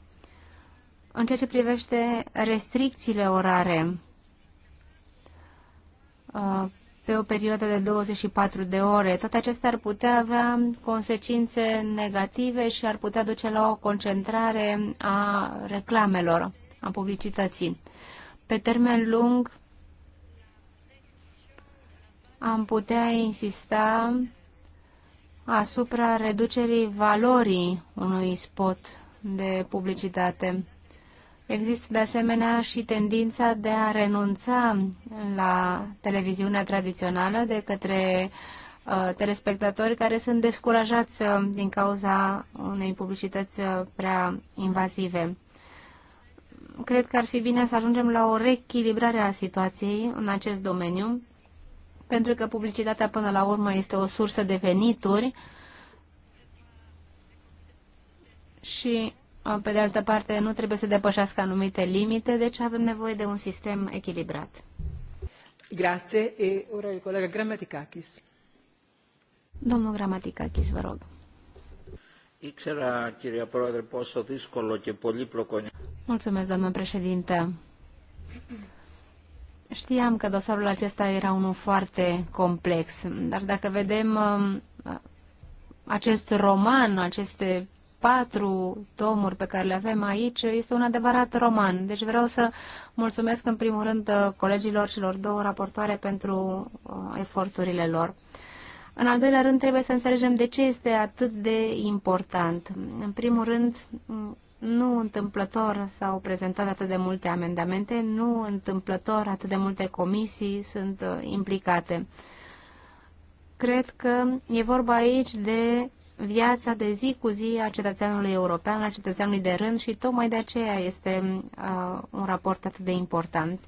În ceea ce privește restricțiile orare, uh, pe o perioadă de 24 de ore. Toate acestea ar putea avea consecințe negative și ar putea duce la o concentrare a reclamelor, a publicității. Pe termen lung am putea insista asupra reducerii valorii unui spot de publicitate. Există de asemenea și tendința de a renunța la televiziunea tradițională de către uh, telespectatori care sunt descurajați uh, din cauza unei publicități uh, prea invazive. Cred că ar fi bine să ajungem la o reechilibrare a situației în acest domeniu, pentru că publicitatea până la urmă este o sursă de venituri și, uh, pe de altă parte, nu trebuie să depășească anumite limite, deci avem nevoie de un sistem echilibrat. Grazie. E ora il collega Grammaticakis. Domnul Grammaticakis, vă rog. Ήξερα, κυρία Πρόεδρε, πόσο δύσκολο και πολύπλοκο είναι. Mulțumesc, doamnă președinte. Știam că dosarul acesta era unul foarte complex, dar dacă vedem uh, acest roman, aceste patru tomuri pe care le avem aici este un adevărat roman. Deci vreau să mulțumesc în primul rând uh, colegilor celor două raportoare pentru uh, eforturile lor. În al doilea rând, trebuie să înțelegem de ce este atât de important. În primul rând, mm, nu întâmplător s-au prezentat atât de multe amendamente, nu întâmplător atât de multe comisii sunt uh, implicate. Cred că e vorba aici de viața de zi cu zi a cetățeanului european, a cetățeanului de rând și tocmai de aceea este uh, un raport atât de important.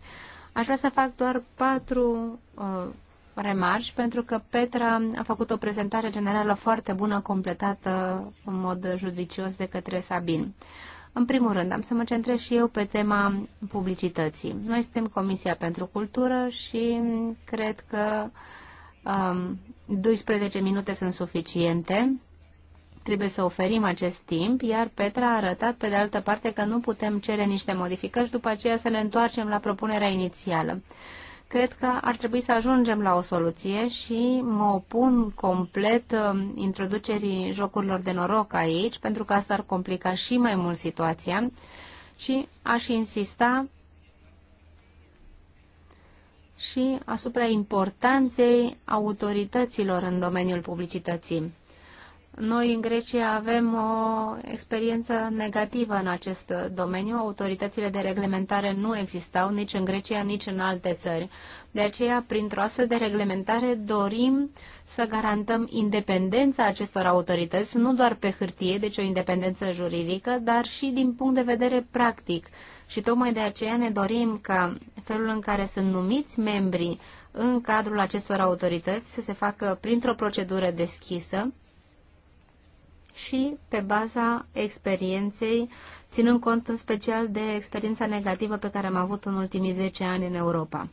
Aș vrea să fac doar patru uh, remarci, pentru că Petra a făcut o prezentare generală foarte bună, completată în mod judicios de către Sabin. În primul rând, am să mă centrez și eu pe tema publicității. Noi suntem Comisia pentru Cultură și cred că um, 12 minute sunt suficiente trebuie să oferim acest timp, iar Petra a arătat pe de altă parte că nu putem cere niște modificări și după aceea să ne întoarcem la propunerea inițială. Cred că ar trebui să ajungem la o soluție și mă opun complet uh, introducerii jocurilor de noroc aici, pentru că asta ar complica și mai mult situația și aș insista și asupra importanței autorităților în domeniul publicității. Noi în Grecia avem o experiență negativă în acest domeniu. Autoritățile de reglementare nu existau nici în Grecia, nici în alte țări. De aceea, printr-o astfel de reglementare, dorim să garantăm independența acestor autorități, nu doar pe hârtie, deci o independență juridică, dar și din punct de vedere practic. Și tocmai de aceea ne dorim ca felul în care sunt numiți membrii în cadrul acestor autorități să se facă printr-o procedură deschisă, și pe baza experienței, ținând cont în special de experiența negativă pe care am avut în ultimii 10 ani în Europa.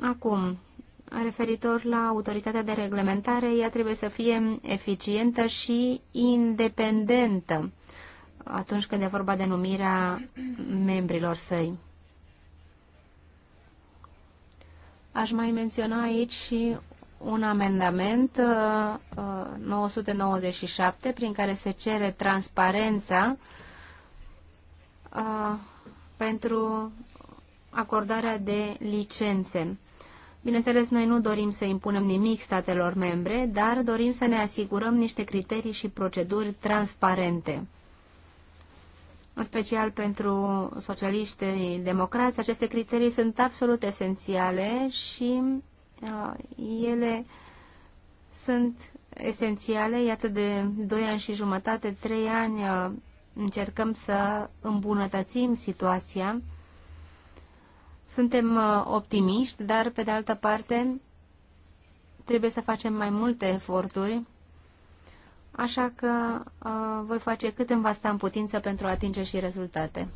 Acum, referitor la autoritatea de reglementare, ea trebuie să fie eficientă și independentă atunci când e vorba de numirea membrilor săi. Aș mai menționa aici și un amendament 997 uh, uh, prin care se cere transparența uh, pentru acordarea de licențe. Bineînțeles, noi nu dorim să impunem nimic statelor membre, dar dorim să ne asigurăm niște criterii și proceduri transparente. În special pentru socialiști democrați, aceste criterii sunt absolut esențiale și Uh, ele sunt esențiale. Iată de 2 ani și jumătate, 3 ani uh, încercăm să îmbunătățim situația. Suntem uh, optimiști, dar pe de altă parte trebuie să facem mai multe eforturi Așa că voi face cât îmi va sta în putință pentru a atinge și rezultate.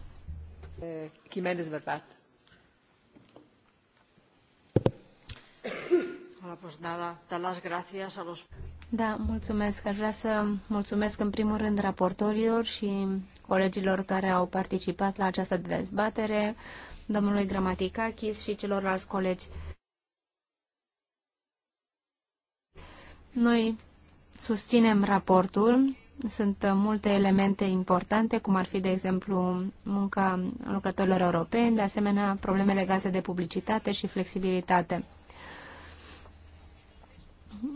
Chimenez eh, Bărbat. Da, mulțumesc. Aș vrea să mulțumesc în primul rând raportorilor și colegilor care au participat la această dezbatere, domnului Gramaticakis și celorlalți colegi. Noi susținem raportul. Sunt multe elemente importante, cum ar fi, de exemplu, munca lucrătorilor europeni, de asemenea, probleme legate de publicitate și flexibilitate.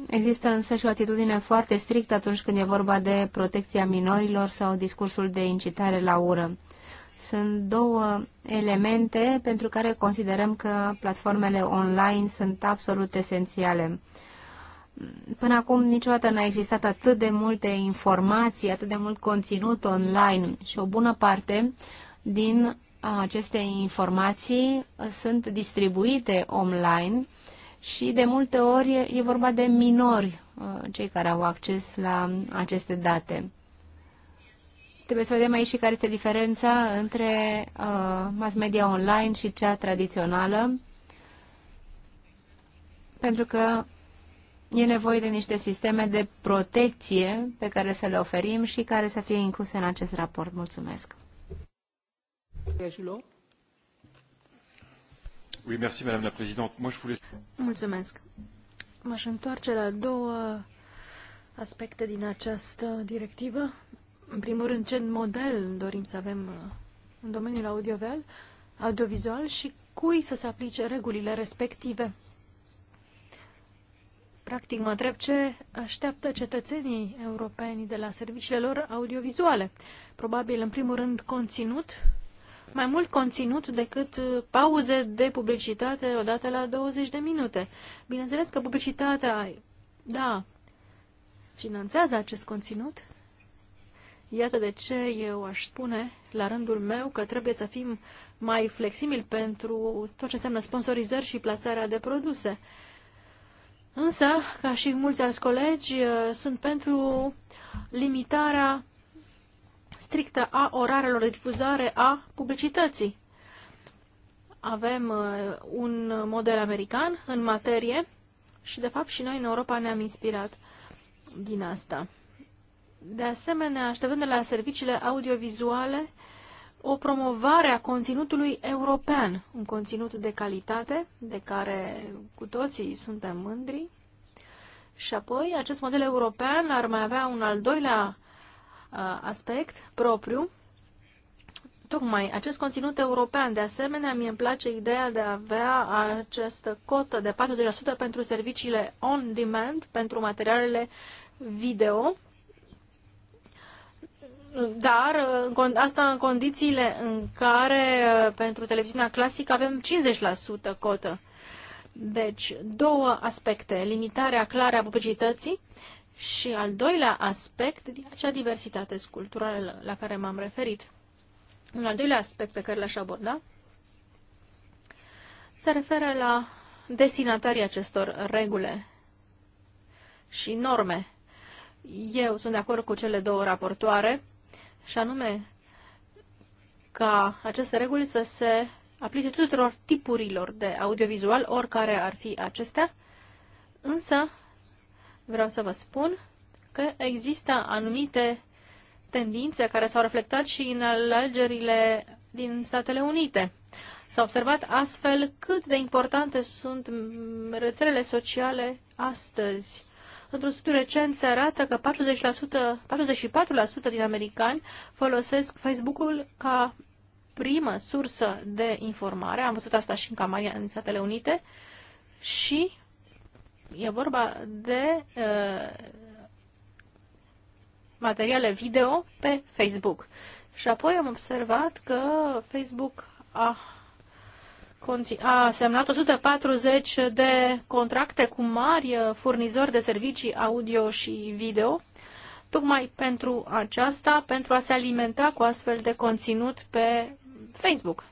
Există însă și o atitudine foarte strictă atunci când e vorba de protecția minorilor sau discursul de incitare la ură. Sunt două elemente pentru care considerăm că platformele online sunt absolut esențiale. Până acum niciodată n-a existat atât de multe informații, atât de mult conținut online și o bună parte din aceste informații sunt distribuite online și de multe ori e vorba de minori uh, cei care au acces la aceste date. Trebuie să vedem aici și care este diferența între uh, mass media online și cea tradițională, pentru că e nevoie de niște sisteme de protecție pe care să le oferim și care să fie incluse în acest raport. Mulțumesc! Julot. Oui, Mulțumesc. M-aș întoarce la două aspecte din această directivă. În primul rând, ce model dorim să avem uh, în domeniul audiovizual, audiovizual și cui să se aplice regulile respective. Practic, mă întreb ce așteaptă cetățenii europeni de la serviciile lor audiovizuale. Probabil, în primul rând, conținut mai mult conținut decât uh, pauze de publicitate odată la 20 de minute. Bineînțeles că publicitatea, da, finanțează acest conținut. Iată de ce eu aș spune, la rândul meu, că trebuie să fim mai flexibili pentru tot ce înseamnă sponsorizări și plasarea de produse. Însă, ca și mulți alți colegi, uh, sunt pentru limitarea strictă a orarelor de difuzare a publicității. Avem uh, un model american în materie și, de fapt, și noi în Europa ne-am inspirat din asta. De asemenea, așteptând de la serviciile audiovizuale o promovare a conținutului european, un conținut de calitate, de care cu toții suntem mândri. Și apoi, acest model european ar mai avea un al doilea Uh, aspect propriu. Tocmai acest conținut european, de asemenea, mi îmi place ideea de a avea această cotă de 40% pentru serviciile on-demand, pentru materialele video, dar uh, asta în condițiile în care uh, pentru televiziunea clasică avem 50% cotă. Deci, două aspecte. Limitarea clară a publicității și al doilea aspect, acea diversitate culturală la care m-am referit. Un al doilea aspect pe care l-aș aborda se referă la destinatarii acestor regule și norme. Eu sunt de acord cu cele două raportoare, și anume ca aceste reguli să se aplice tuturor tipurilor de audiovizual, oricare ar fi acestea, însă vreau să vă spun că există anumite tendințe care s-au reflectat și în alegerile din Statele Unite. S-a observat astfel cât de importante sunt rețelele sociale astăzi. Într-un studiu recent se arată că 40%, 44% din americani folosesc Facebook-ul ca primă sursă de informare. Am văzut asta și în Camaria, în Statele Unite. Și E vorba de uh, materiale video pe Facebook. Și apoi am observat că Facebook a, a semnat 140 de contracte cu mari uh, furnizori de servicii audio și video, tocmai pentru aceasta, pentru a se alimenta cu astfel de conținut pe Facebook.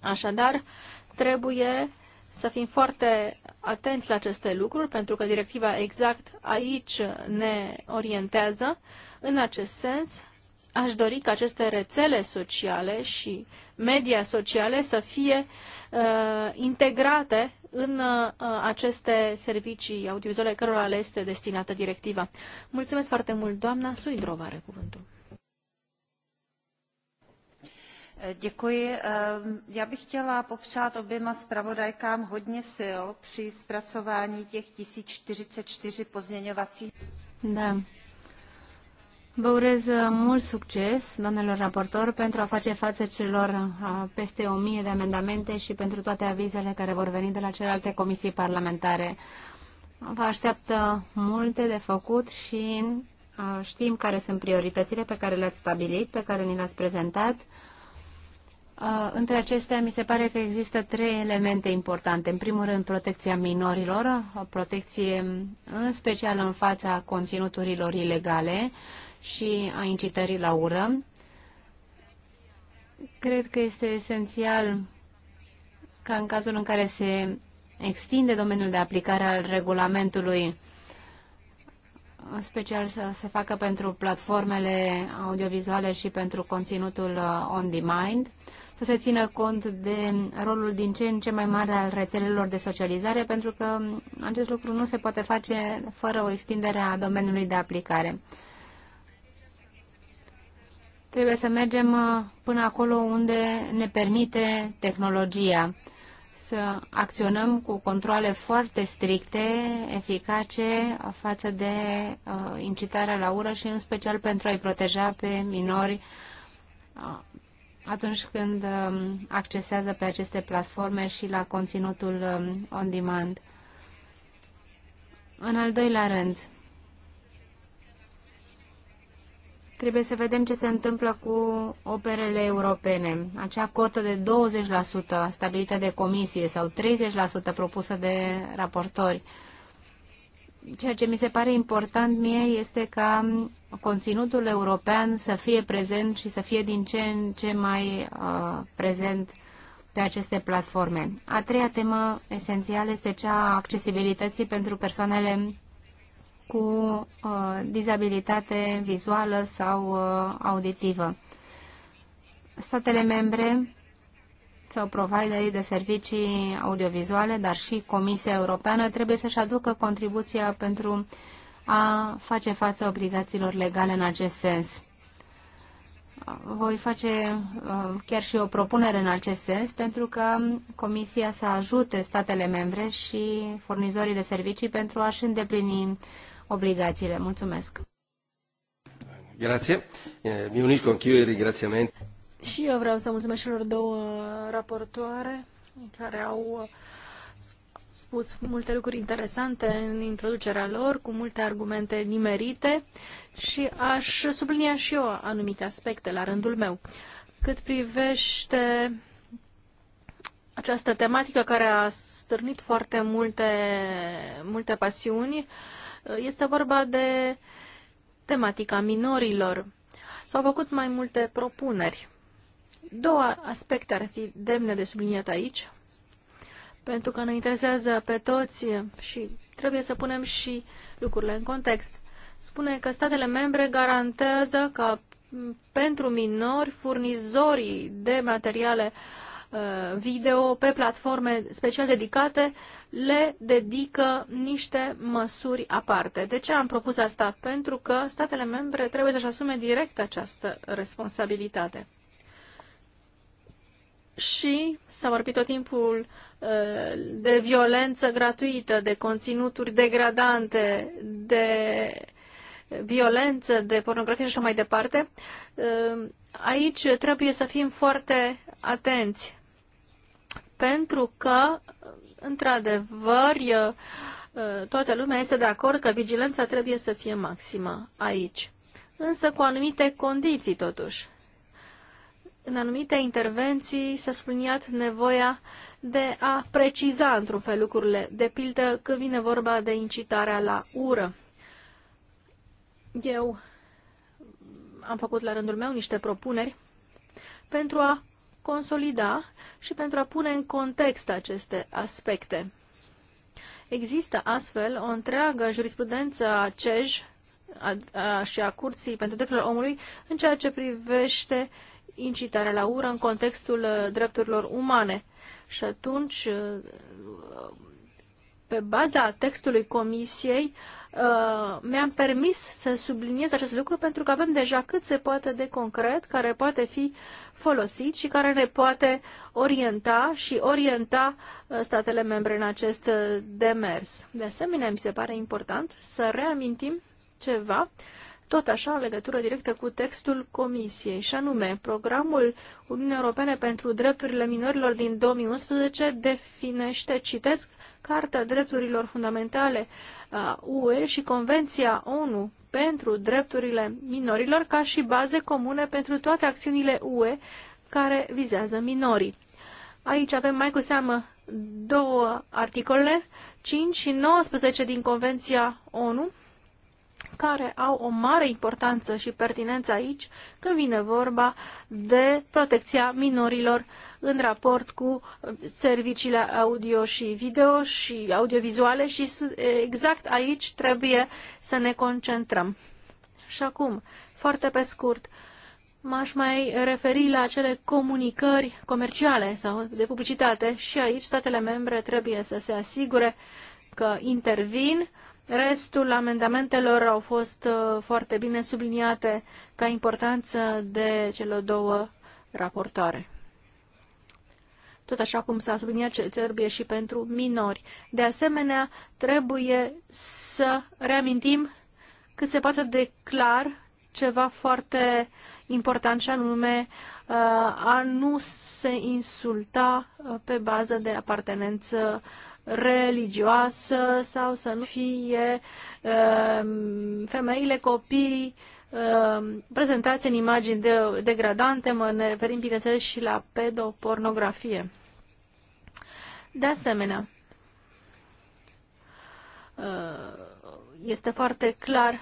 Așadar, trebuie să fim foarte atenți la aceste lucruri, pentru că directiva exact aici ne orientează. În acest sens, aș dori ca aceste rețele sociale și media sociale să fie uh, integrate în uh, aceste servicii audiovizuale cărora le este destinată directiva. Mulțumesc foarte mult, doamna Suidrova are cuvântul. Děkuji. Ehm, já bych chtěla popřát oběma zpravodajkám hodně sil při zpracování těch 1044 pozměňovacích. Da. Vă urez uh, mult succes, domnilor raportor, pentru a face față celor uh, peste o mie de amendamente și pentru toate avizele care vor veni de la celelalte comisii parlamentare. Vă așteaptă multe de făcut și uh, știm care sunt prioritățile pe care le-ați stabilit, pe care ni le-ați prezentat. Între acestea, mi se pare că există trei elemente importante. În primul rând, protecția minorilor, o protecție în special în fața conținuturilor ilegale și a incitării la ură. Cred că este esențial ca în cazul în care se extinde domeniul de aplicare al regulamentului, în special să se facă pentru platformele audiovizuale și pentru conținutul uh, on-demand, să se țină cont de rolul din ce în ce mai mare al rețelelor de socializare, pentru că acest lucru nu se poate face fără o extindere a domeniului de aplicare. Trebuie să mergem uh, până acolo unde ne permite tehnologia să acționăm cu controle foarte stricte, eficace față de uh, incitarea la ură și în special pentru a-i proteja pe minori uh, atunci când um, accesează pe aceste platforme și la conținutul um, on demand. În al doilea rând, trebuie să vedem ce se întâmplă cu operele europene. Acea cotă de 20% stabilită de comisie sau 30% propusă de raportori. Uh, ceea ce mi se pare important mie este ca conținutul european să fie prezent și să fie din ce în ce mai uh, prezent pe aceste platforme. A treia temă esențială este cea a accesibilității pentru persoanele cu uh, dizabilitate vizuală sau uh, auditivă. Statele membre sau providerii de servicii audiovizuale, dar și Comisia Europeană trebuie să-și aducă contribuția pentru a face față obligațiilor legale în acest sens. Voi face uh, chiar și o propunere în acest sens pentru că Comisia să ajute statele membre și furnizorii de servicii pentru a-și îndeplini obligațiile. Mulțumesc! Grazie, eh, mi unisco anch'io ai ringraziamenti. Și eu vreau să mulțumesc celor două raportoare care au spus multe lucruri interesante în introducerea lor, cu multe argumente nimerite și aș sublinia și eu anumite aspecte la rândul meu. Cât privește această tematică care a stârnit foarte multe, multe pasiuni, este vorba de tematica minorilor. S-au făcut mai multe propuneri Două aspecte ar fi demne de subliniat aici, pentru că ne interesează pe toți și trebuie să punem și lucrurile în context. Spune că statele membre garantează că pentru minori furnizorii de materiale uh, video pe platforme special dedicate le dedică niște măsuri aparte. De ce am propus asta? Pentru că statele membre trebuie să-și asume direct această responsabilitate și s-a vorbit tot timpul uh, de violență gratuită, de conținuturi degradante, de violență, de pornografie și așa mai departe. Uh, aici trebuie să fim foarte atenți, pentru că, într-adevăr, uh, toată lumea este de acord că vigilența trebuie să fie maximă aici, însă cu anumite condiții, totuși în anumite intervenții s-a subliniat nevoia de a preciza într-un fel lucrurile, de pildă când vine vorba de incitarea la ură. Eu am făcut la rândul meu niște propuneri pentru a consolida și pentru a pune în context aceste aspecte. Există astfel o întreagă jurisprudență a CEJ a, a, și a Curții pentru Drepturile Omului în ceea ce privește uh, incitare la ură în contextul uh, drepturilor umane. Și atunci, uh, pe baza textului Comisiei, uh, mi-am permis să subliniez acest lucru pentru că avem deja cât se poate de concret care poate fi folosit și care ne poate orienta și orienta statele membre în acest demers. De asemenea, mi se pare important să reamintim ceva uh, tot așa în legătură directă cu textul Comisiei, și anume programul Uniunii Europene pentru Drepturile Minorilor din 2011 definește, citesc, Carta Drepturilor Fundamentale a UE și Convenția ONU pentru Drepturile Minorilor ca și baze comune pentru toate acțiunile UE care vizează minorii. Aici avem mai cu seamă două articole, 5 și 19 din Convenția ONU care au o mare importanță și pertinență aici când vine vorba de protecția minorilor în raport cu serviciile audio și video și audiovizuale și exact aici trebuie să ne concentrăm. Și acum, foarte pe scurt, m-aș mai referi la acele comunicări comerciale sau de publicitate și aici statele membre trebuie să se asigure că intervin Restul amendamentelor au fost uh, foarte bine subliniate ca importanță de cele două raportoare. Tot așa cum s-a subliniat ce trebuie și pentru minori. De asemenea, trebuie să reamintim cât se poate de clar ceva foarte important și anume uh, a nu se insulta uh, pe bază de apartenență religioasă sau să nu fie um, femeile, copii um, prezentați în imagini de, degradante, mă ne ferim, bineînțeles, și la pedopornografie. De asemenea, uh, este foarte clar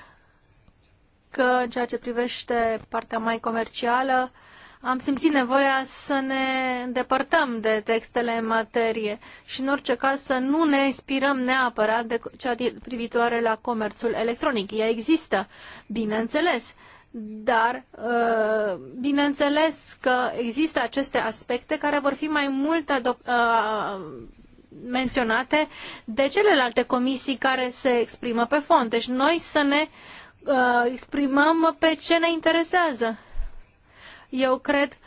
că în ceea ce privește partea mai comercială, am simțit nevoia să ne îndepărtăm de textele în materie și în orice caz să nu ne inspirăm neapărat de cea privitoare la comerțul electronic. Ea există, bineînțeles, dar uh, bineînțeles că există aceste aspecte care vor fi mai mult uh, menționate de celelalte comisii care se exprimă pe fond. Deci noi să ne uh, exprimăm pe ce ne interesează eu cred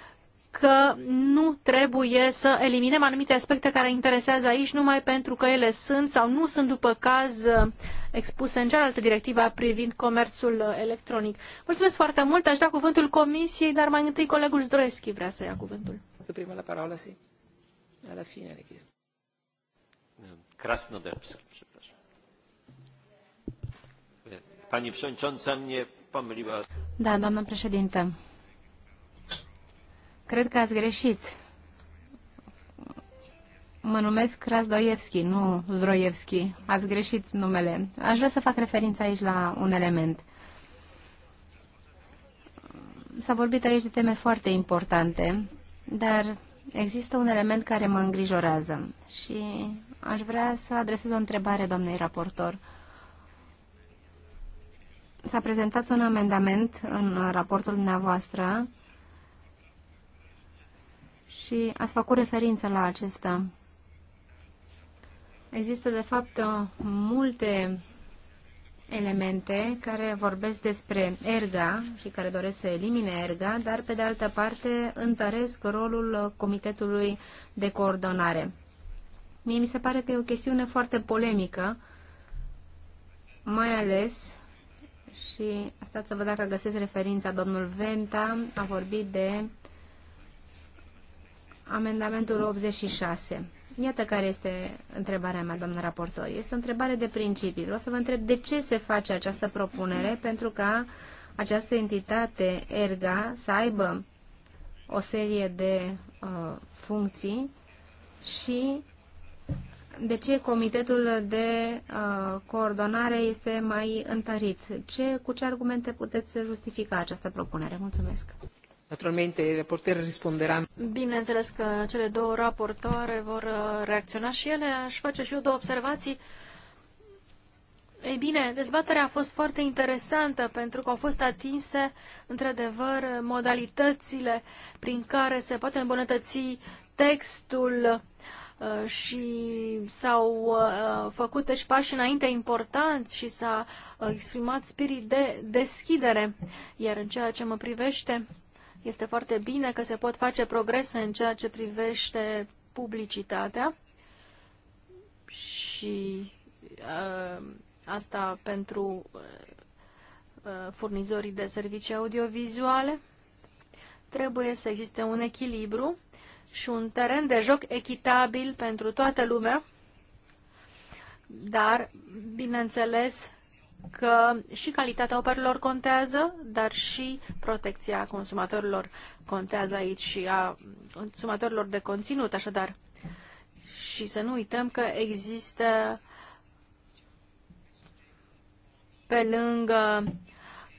că nu trebuie să eliminăm anumite aspecte care interesează aici numai pentru că ele sunt sau nu sunt după caz uh, expuse în cealaltă directivă privind comerțul uh, electronic. Mulțumesc foarte mult, aș da cuvântul comisiei, dar mai întâi colegul Zdroeschi vrea să ia cuvântul. Prima la parola, si. La fine, chestii. Krasnodębski, przepraszam. Pani przewodnicząca mnie pomyliła. Da, doamnă președinte. Cred că ați greșit. Mă numesc Razdoievski, nu Zdroievski. Ați greșit numele. Aș vrea să fac referință aici la un element. S-a vorbit aici de teme foarte importante, dar există un element care mă îngrijorează și aș vrea să adresez o întrebare doamnei raportor. S-a prezentat un amendament în raportul dumneavoastră și ați făcut referință la acesta. Există, de fapt, multe elemente care vorbesc despre erga și care doresc să elimine erga, dar, pe de altă parte, întăresc rolul Comitetului de Coordonare. Mie mi se pare că e o chestiune foarte polemică, mai ales și stați să văd dacă găsesc referința. Domnul Venta a vorbit de amendamentul 86. Iată care este întrebarea mea, doamnă raportor. Este o întrebare de principii. Vreau să vă întreb de ce se face această propunere pentru ca această entitate ERGA să aibă o serie de uh, funcții și de ce comitetul de uh, coordonare este mai întărit? Ce, cu ce argumente puteți justifica această propunere? Mulțumesc! Naturalmente, raportorii răspunderan. Bineînțeles că cele două raportoare vor uh, reacționa și ele. Aș face și eu două observații. Ei bine, dezbaterea a fost foarte interesantă pentru că au fost atinse, într-adevăr, modalitățile prin care se poate îmbunătăți textul uh, și s-au uh, făcut deci pași înainte importanți și s-a exprimat spirit de deschidere. Iar în ceea ce mă privește, este foarte bine că se pot face progrese în ceea ce privește publicitatea și uh, asta pentru uh, uh, furnizorii de servicii audiovizuale. Trebuie să existe un echilibru și un teren de joc echitabil pentru toată lumea, dar, bineînțeles, că și calitatea operelor contează, dar și protecția consumatorilor contează aici și a consumatorilor de conținut, așadar. Și să nu uităm că există pe lângă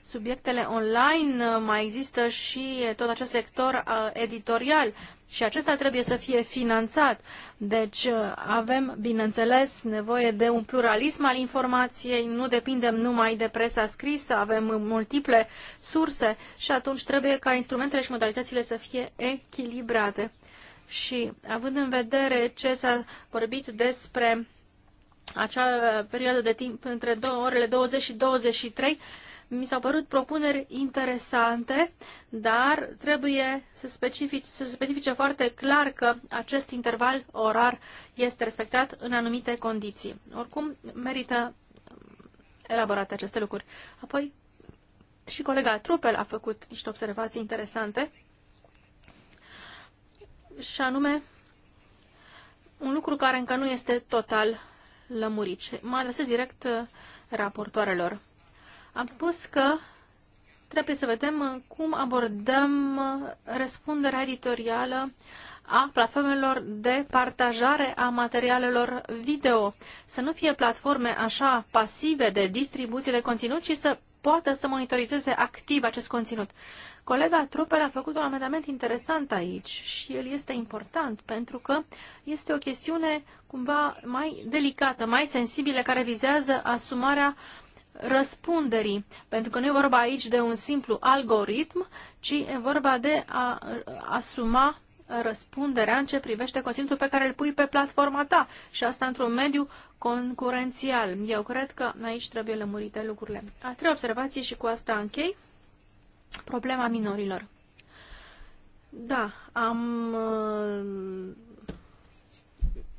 subiectele online, uh, mai există și tot acest sector uh, editorial și acesta trebuie să fie finanțat. Deci uh, avem, bineînțeles, nevoie de un pluralism al informației, nu depindem numai de presa scrisă, avem multiple surse și atunci trebuie ca instrumentele și modalitățile să fie echilibrate. Și având în vedere ce s-a vorbit despre acea perioadă de timp între două orele 20 și 23, mi s-au părut propuneri interesante, dar trebuie să, specific, să specifice foarte clar că acest interval orar este respectat în anumite condiții. Oricum, merită elaborate aceste lucruri. Apoi, și colega Trupel a făcut niște observații interesante, și anume un lucru care încă nu este total lămurit. Mă adresez direct raportoarelor. Am spus că trebuie să vedem cum abordăm răspunderea editorială a platformelor de partajare a materialelor video. Să nu fie platforme așa pasive de distribuție de conținut, ci să poată să monitorizeze activ acest conținut. Colega Trupel a făcut un amendament interesant aici și el este important pentru că este o chestiune cumva mai delicată, mai sensibilă, care vizează asumarea răspunderii, pentru că nu e vorba aici de un simplu algoritm, ci e vorba de a asuma răspunderea în ce privește conținutul pe care îl pui pe platforma ta și asta într-un mediu concurențial. Eu cred că aici trebuie lămurite lucrurile. A trei observații și cu asta închei. Problema minorilor. Da, am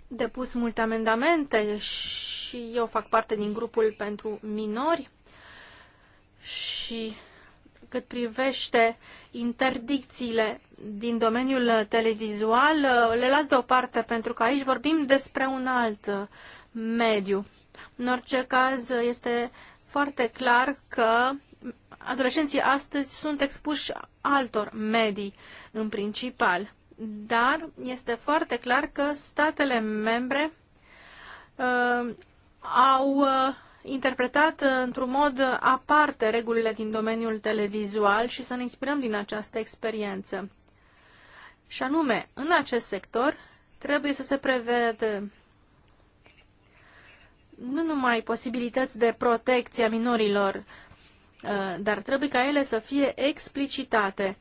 depus multe amendamente și eu fac parte din grupul pentru minori și cât privește interdicțiile din domeniul televizual, le las deoparte pentru că aici vorbim despre un alt mediu. În orice caz, este foarte clar că adolescenții astăzi sunt expuși altor medii în principal dar este foarte clar că statele membre uh, au uh, interpretat uh, într-un mod aparte regulile din domeniul televizual și să ne inspirăm din această experiență. Și anume, în acest sector trebuie să se prevede nu numai posibilități de protecție a minorilor, uh, dar trebuie ca ele să fie explicitate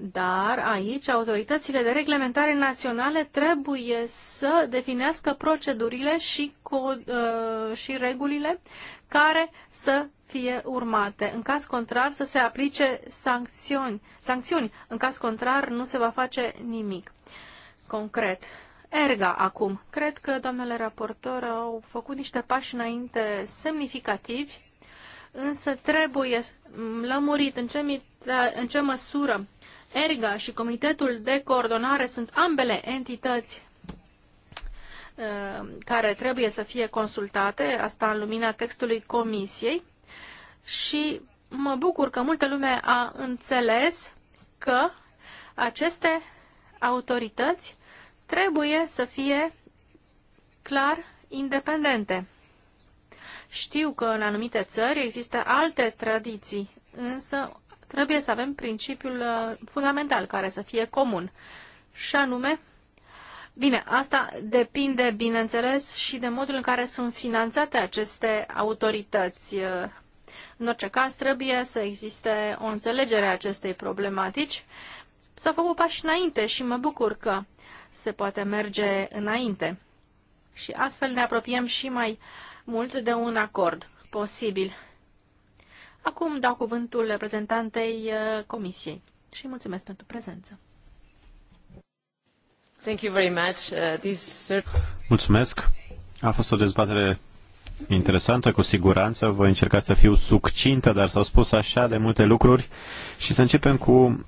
dar aici autoritățile de reglementare naționale trebuie să definească procedurile și, cod, uh, și regulile care să fie urmate. În caz contrar să se aplice sancțiuni. sancțiuni. În caz contrar nu se va face nimic concret. Erga acum. Cred că doamnele raportor au făcut niște pași înainte semnificativi, însă trebuie lămurit în ce, în ce măsură ERGA și Comitetul de Coordonare sunt ambele entități uh, care trebuie să fie consultate, asta în lumina textului Comisiei și mă bucur că multă lume a înțeles că aceste autorități trebuie să fie clar independente. Știu că în anumite țări există alte tradiții, însă trebuie să avem principiul uh, fundamental care să fie comun. Și anume, bine, asta depinde, bineînțeles, și de modul în care sunt finanțate aceste autorități. Uh, în orice caz, trebuie să existe o înțelegere a acestei problematici. S-au făcut pași înainte și mă bucur că se poate merge înainte. Și astfel ne apropiem și mai mult de un acord posibil. Acum dau cuvântul reprezentantei uh, Comisiei și mulțumesc pentru prezență. Thank you very much. Uh, this... Mulțumesc. A fost o dezbatere interesantă, cu siguranță. Voi încerca să fiu succintă, dar s-au spus așa de multe lucruri și să începem cu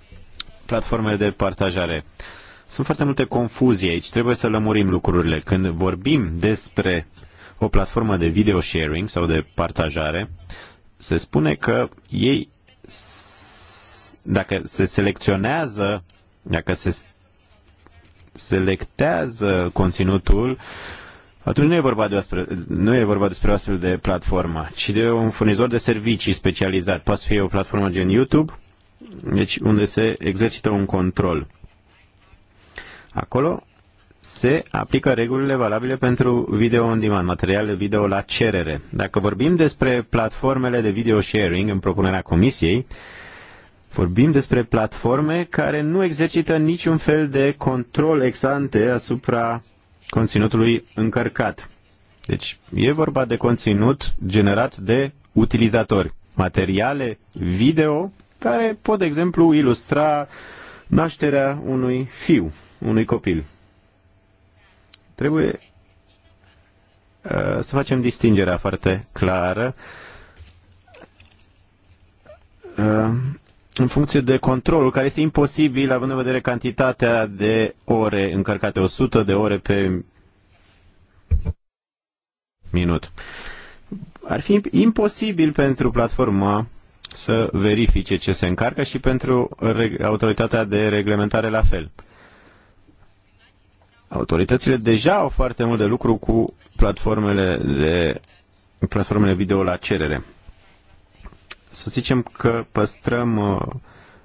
platformele de partajare. Sunt foarte multe confuzii aici, trebuie să lămurim lucrurile. Când vorbim despre o platformă de video sharing sau de partajare, se spune că ei, dacă se selecționează, dacă se selectează conținutul, atunci nu e vorba, de astfel, nu e vorba despre o astfel de platformă, ci de un furnizor de servicii specializat. Poate fi o platformă gen YouTube, deci unde se exercită un control. Acolo se aplică regulile valabile pentru video on demand, materiale video la cerere. Dacă vorbim despre platformele de video sharing în propunerea comisiei, vorbim despre platforme care nu exercită niciun fel de control exante asupra conținutului încărcat. Deci e vorba de conținut generat de utilizatori, materiale video care pot, de exemplu, ilustra nașterea unui fiu, unui copil. Trebuie uh, să facem distingerea foarte clară uh, în funcție de controlul, care este imposibil având în vedere cantitatea de ore încărcate, 100 de ore pe minut. Ar fi imposibil pentru platforma să verifice ce se încarcă și pentru autoritatea de reglementare la fel. Autoritățile deja au foarte mult de lucru cu platformele, de, platformele video la cerere. Să zicem că păstrăm uh,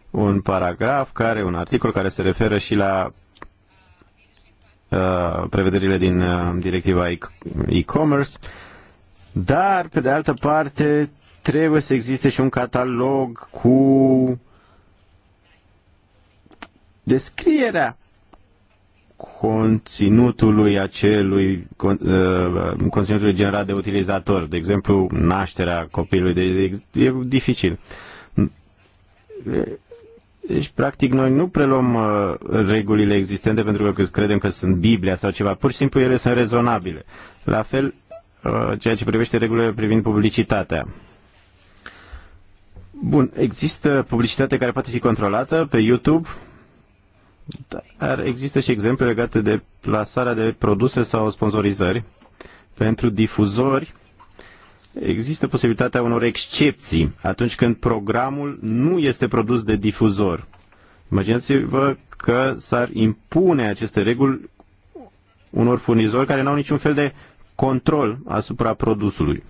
un paragraf care, un articol care se referă și la uh, prevederile din uh, directiva e-commerce, dar, pe de altă parte, trebuie să existe și un catalog cu descrierea conținutului acelui uh, conținutului generat de utilizator, de exemplu nașterea copilului, de, de, e dificil. Deci, practic, noi nu preluăm uh, regulile existente pentru că credem că sunt Biblia sau ceva. Pur și simplu ele sunt rezonabile. La fel, uh, ceea ce privește regulile privind publicitatea. Bun, există publicitate care poate fi controlată pe YouTube, dar există și exemple legate de plasarea de produse sau sponsorizări. Pentru difuzori există posibilitatea unor excepții atunci când programul nu este produs de difuzor. Imaginați-vă că s-ar impune aceste reguli unor furnizori care nu au niciun fel de control asupra produsului.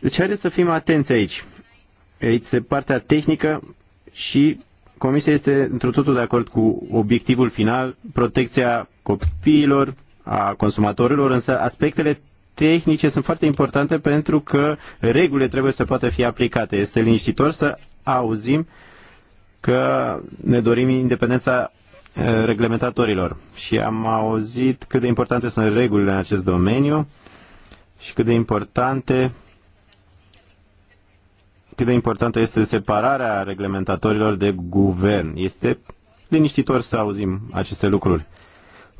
Deci haideți să fim atenți aici. Aici se partea tehnică și Comisia este într totul de acord cu obiectivul final, protecția copiilor, a consumatorilor, însă aspectele tehnice sunt foarte importante pentru că regulile trebuie să poată fi aplicate. Este liniștitor să auzim că ne dorim independența eh, reglementatorilor. Și am auzit cât de importante sunt regulile în acest domeniu și cât de importante cât de importantă este separarea reglementatorilor de guvern. Este liniștitor să auzim aceste lucruri.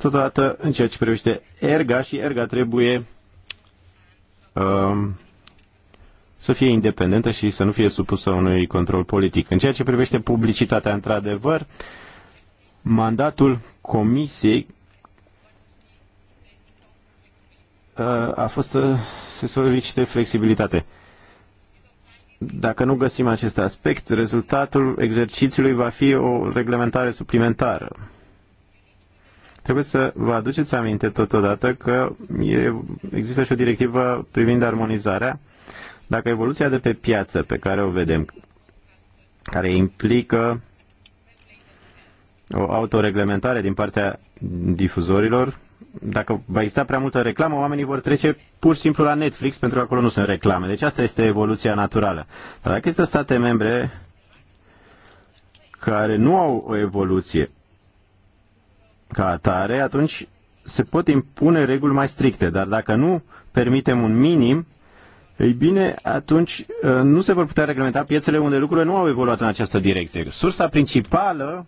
Totodată, în ceea ce privește erga și erga trebuie um, să fie independentă și să nu fie supusă unui control politic. În ceea ce privește publicitatea, într-adevăr, mandatul comisiei uh, a fost să se solicite flexibilitate. Dacă nu găsim acest aspect, rezultatul exercițiului va fi o reglementare suplimentară. Trebuie să vă aduceți aminte totodată că e, există și o directivă privind armonizarea. Dacă evoluția de pe piață pe care o vedem, care implică o autoreglementare din partea difuzorilor, dacă va exista prea multă reclamă, oamenii vor trece pur și simplu la Netflix, pentru că acolo nu sunt reclame. Deci asta este evoluția naturală. Dar dacă există state membre care nu au o evoluție ca atare, atunci se pot impune reguli mai stricte, dar dacă nu permitem un minim, ei bine, atunci uh, nu se vor putea reglementa piețele unde lucrurile nu au evoluat în această direcție. Sursa principală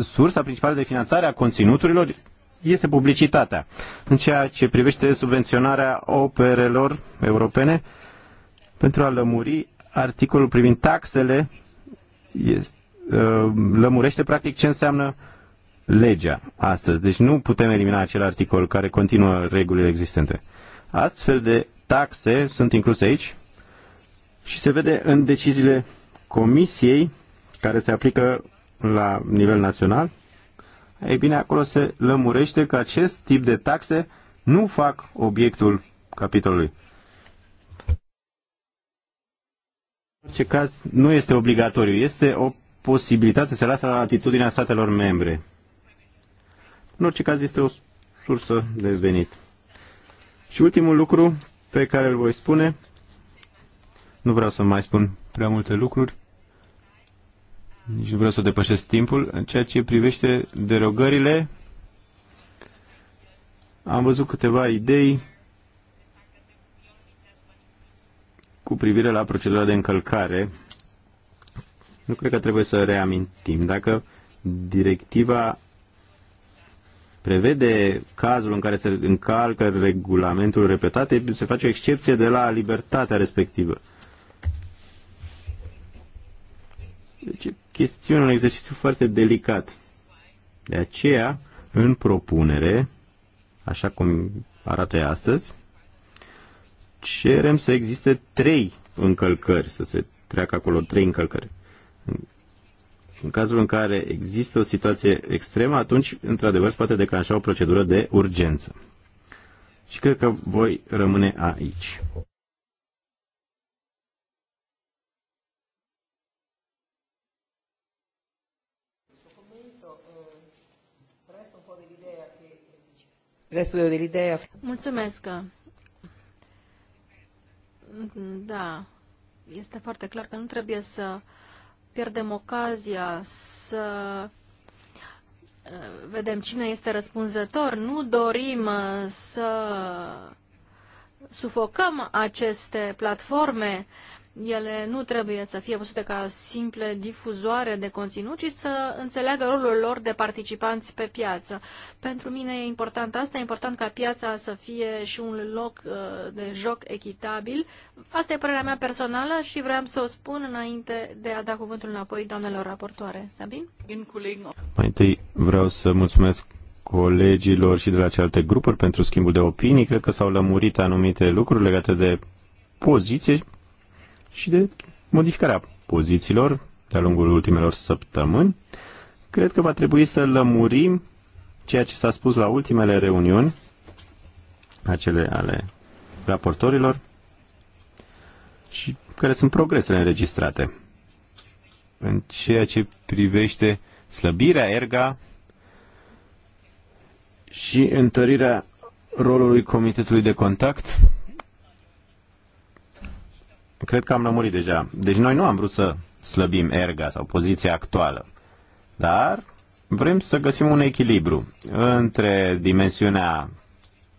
sursa principală de finanțare a conținuturilor este publicitatea. În ceea ce privește subvenționarea operelor europene, pentru a lămuri articolul privind taxele, este, uh, lămurește practic ce înseamnă legea astăzi. Deci nu putem elimina acel articol care continuă regulile existente. Astfel de taxe sunt incluse aici și se vede în deciziile comisiei care se aplică la nivel național, E bine, acolo se lămurește că acest tip de taxe nu fac obiectul capitolului. În orice caz, nu este obligatoriu, este o posibilitate se lasă la atitudinea statelor membre. În orice caz, este o sursă de venit. Și ultimul lucru pe care îl voi spune, nu vreau să mai spun prea multe lucruri, nici nu vreau să depășesc timpul. În ceea ce privește derogările, am văzut câteva idei cu privire la procedura de încălcare. Nu cred că trebuie să reamintim. Dacă directiva prevede cazul în care se încalcă regulamentul repetat, se face o excepție de la libertatea respectivă. Deci chestiune, un exercițiu foarte delicat. De aceea, în propunere, așa cum arată astăzi, cerem să existe trei încălcări, să se treacă acolo trei încălcări. În cazul în care există o situație extremă, atunci, într-adevăr, se poate declanșa o procedură de urgență. Și cred că voi rămâne aici. Restul de idee. Mulțumesc. Da, este foarte clar că nu trebuie să pierdem ocazia să uh, vedem cine este răspunzător. Nu dorim uh, să sufocăm aceste platforme ele nu trebuie să fie văzute ca simple difuzoare de conținut, ci să înțeleagă rolul lor de participanți pe piață. Pentru mine e important asta, e important ca piața să fie și un loc uh, de joc echitabil. Asta e părerea mea personală și vreau să o spun înainte de a da cuvântul înapoi doamnelor raportoare. Sabin? Mai întâi vreau să mulțumesc colegilor și de la celelalte grupuri pentru schimbul de opinii. Cred că s-au lămurit anumite lucruri legate de poziție și de modificarea pozițiilor de-a lungul ultimelor săptămâni, cred că va trebui să lămurim ceea ce s-a spus la ultimele reuniuni, acele ale raportorilor, și care sunt progresele înregistrate. În ceea ce privește slăbirea erga și întărirea rolului Comitetului de Contact, Cred că am lămurit deja. Deci noi nu am vrut să slăbim erga sau poziția actuală, dar vrem să găsim un echilibru între dimensiunea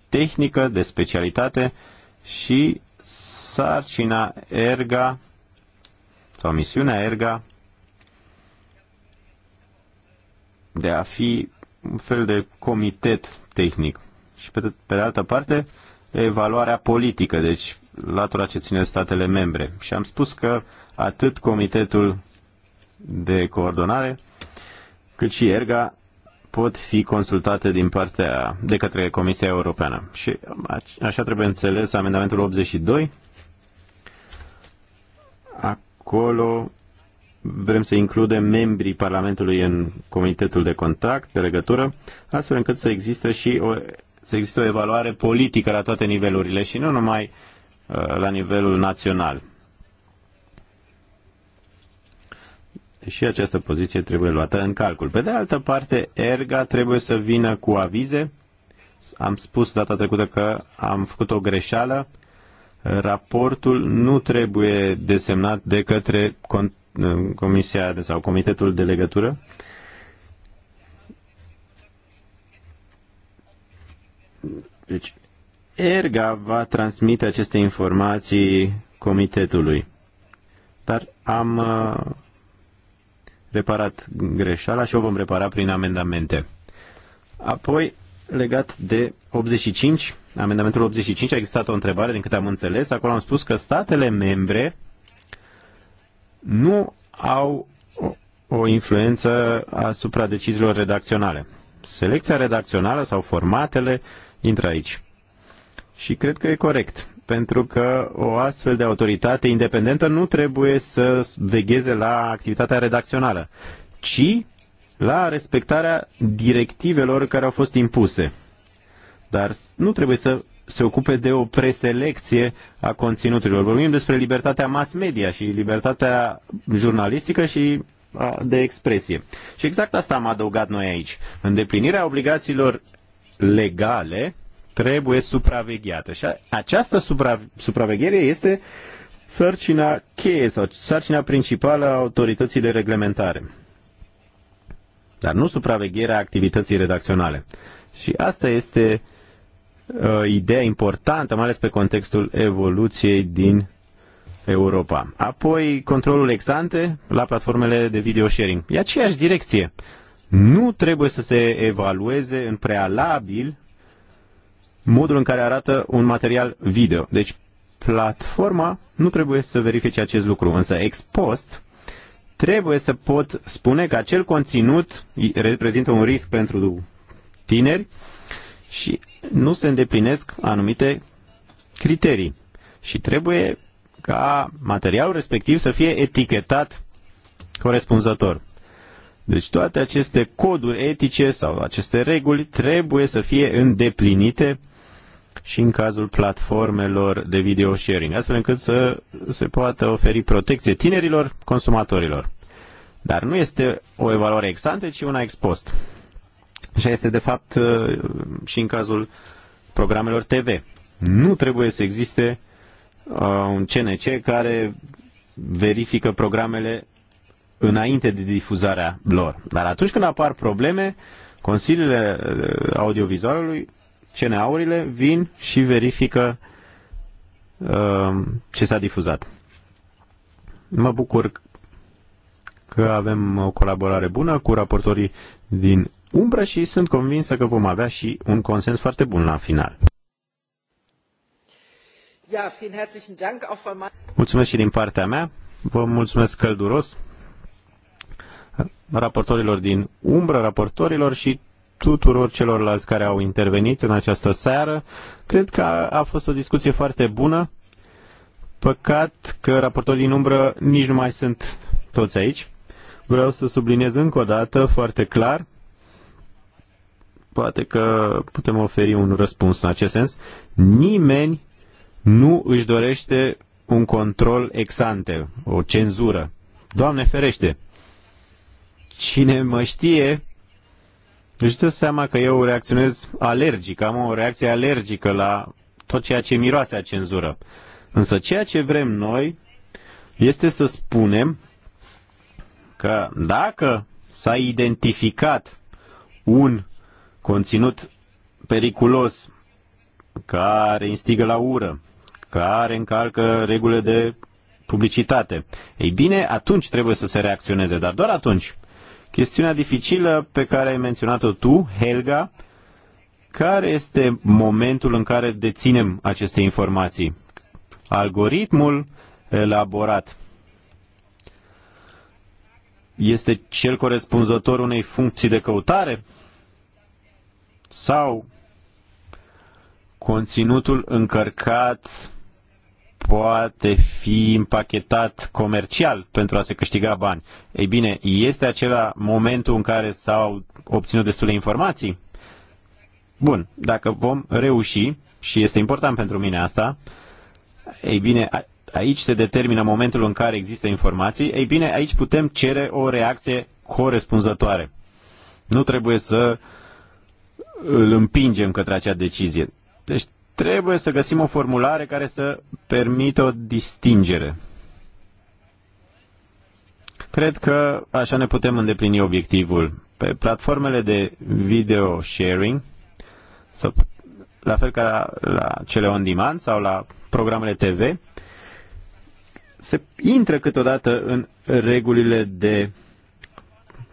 tehnică de specialitate și sarcina erga sau misiunea erga de a fi un fel de comitet tehnic. Și pe, pe de altă parte, evaluarea politică, deci latura ce ține statele membre. Și am spus că atât Comitetul de Coordonare, cât și ERGA pot fi consultate din partea de către Comisia Europeană. Și așa trebuie înțeles amendamentul 82. Acolo vrem să includem membrii Parlamentului în comitetul de contact, de legătură, astfel încât să existe și o, să existe o evaluare politică la toate nivelurile și nu numai la nivelul național. Și această poziție trebuie luată în calcul. Pe de altă parte, ERGA trebuie să vină cu avize. Am spus data trecută că am făcut o greșeală. Raportul nu trebuie desemnat de către Comisia sau Comitetul de Legătură. Deci, ERGA va transmite aceste informații comitetului. Dar am uh, reparat greșeala și o vom repara prin amendamente. Apoi, legat de 85, amendamentul 85, a existat o întrebare, din câte am înțeles. Acolo am spus că statele membre nu au o, influență asupra deciziilor redacționale. Selecția redacțională sau formatele intră aici. Și cred că e corect, pentru că o astfel de autoritate independentă nu trebuie să vegheze la activitatea redacțională, ci la respectarea directivelor care au fost impuse. Dar nu trebuie să se ocupe de o preselecție a conținuturilor. Vorbim despre libertatea mass media și libertatea jurnalistică și de expresie. Și exact asta am adăugat noi aici. Îndeplinirea obligațiilor legale trebuie supravegheată. Și această supra, supraveghere este sarcina cheie sau sarcina principală a autorității de reglementare. Dar nu supravegherea activității redacționale. Și asta este uh, ideea importantă, mai ales pe contextul evoluției din Europa. Apoi controlul exante la platformele de video sharing. E aceeași direcție. Nu trebuie să se evalueze în prealabil modul în care arată un material video. Deci platforma nu trebuie să verifice acest lucru, însă ex post trebuie să pot spune că acel conținut reprezintă un risc pentru tineri și nu se îndeplinesc anumite criterii. Și trebuie ca materialul respectiv să fie etichetat corespunzător. Deci toate aceste coduri etice sau aceste reguli trebuie să fie îndeplinite și în cazul platformelor de video sharing, astfel încât să se poată oferi protecție tinerilor consumatorilor. Dar nu este o evaluare ex ante, ci una ex post. Așa este, de fapt, uh, și în cazul programelor TV. Nu trebuie să existe uh, un CNC care verifică programele înainte de difuzarea lor. Dar atunci când apar probleme, consiliile uh, audiovizualului CNA-urile vin și verifică um, ce s-a difuzat. Mă bucur că avem o colaborare bună cu raportorii din umbră și sunt convinsă că vom avea și un consens foarte bun la final. Mulțumesc și din partea mea. Vă mulțumesc călduros raportorilor din umbră, raportorilor și tuturor celorlalți care au intervenit în această seară. Cred că a fost o discuție foarte bună. Păcat că raportorii din umbră nici nu mai sunt toți aici. Vreau să subliniez încă o dată foarte clar. Poate că putem oferi un răspuns în acest sens. Nimeni nu își dorește un control exante, o cenzură. Doamne ferește! Cine mă știe, își deci dă seama că eu reacționez alergic, am o reacție alergică la tot ceea ce miroase a cenzură. Însă ceea ce vrem noi este să spunem că dacă s-a identificat un conținut periculos care instigă la ură, care încalcă regulile de publicitate, ei bine, atunci trebuie să se reacționeze, dar doar atunci. Chestiunea dificilă pe care ai menționat-o tu, Helga, care este momentul în care deținem aceste informații? Algoritmul elaborat este cel corespunzător unei funcții de căutare? Sau conținutul încărcat poate fi împachetat comercial pentru a se câștiga bani. Ei bine, este acela momentul în care s-au obținut destule informații? Bun, dacă vom reuși, și este important pentru mine asta, ei bine, aici se determină momentul în care există informații, ei bine, aici putem cere o reacție corespunzătoare. Nu trebuie să îl împingem către acea decizie. Deci trebuie să găsim o formulare care să permită o distingere. Cred că așa ne putem îndeplini obiectivul. Pe platformele de video sharing, sau la fel ca la, la cele on demand sau la programele TV, se intră câteodată în regulile de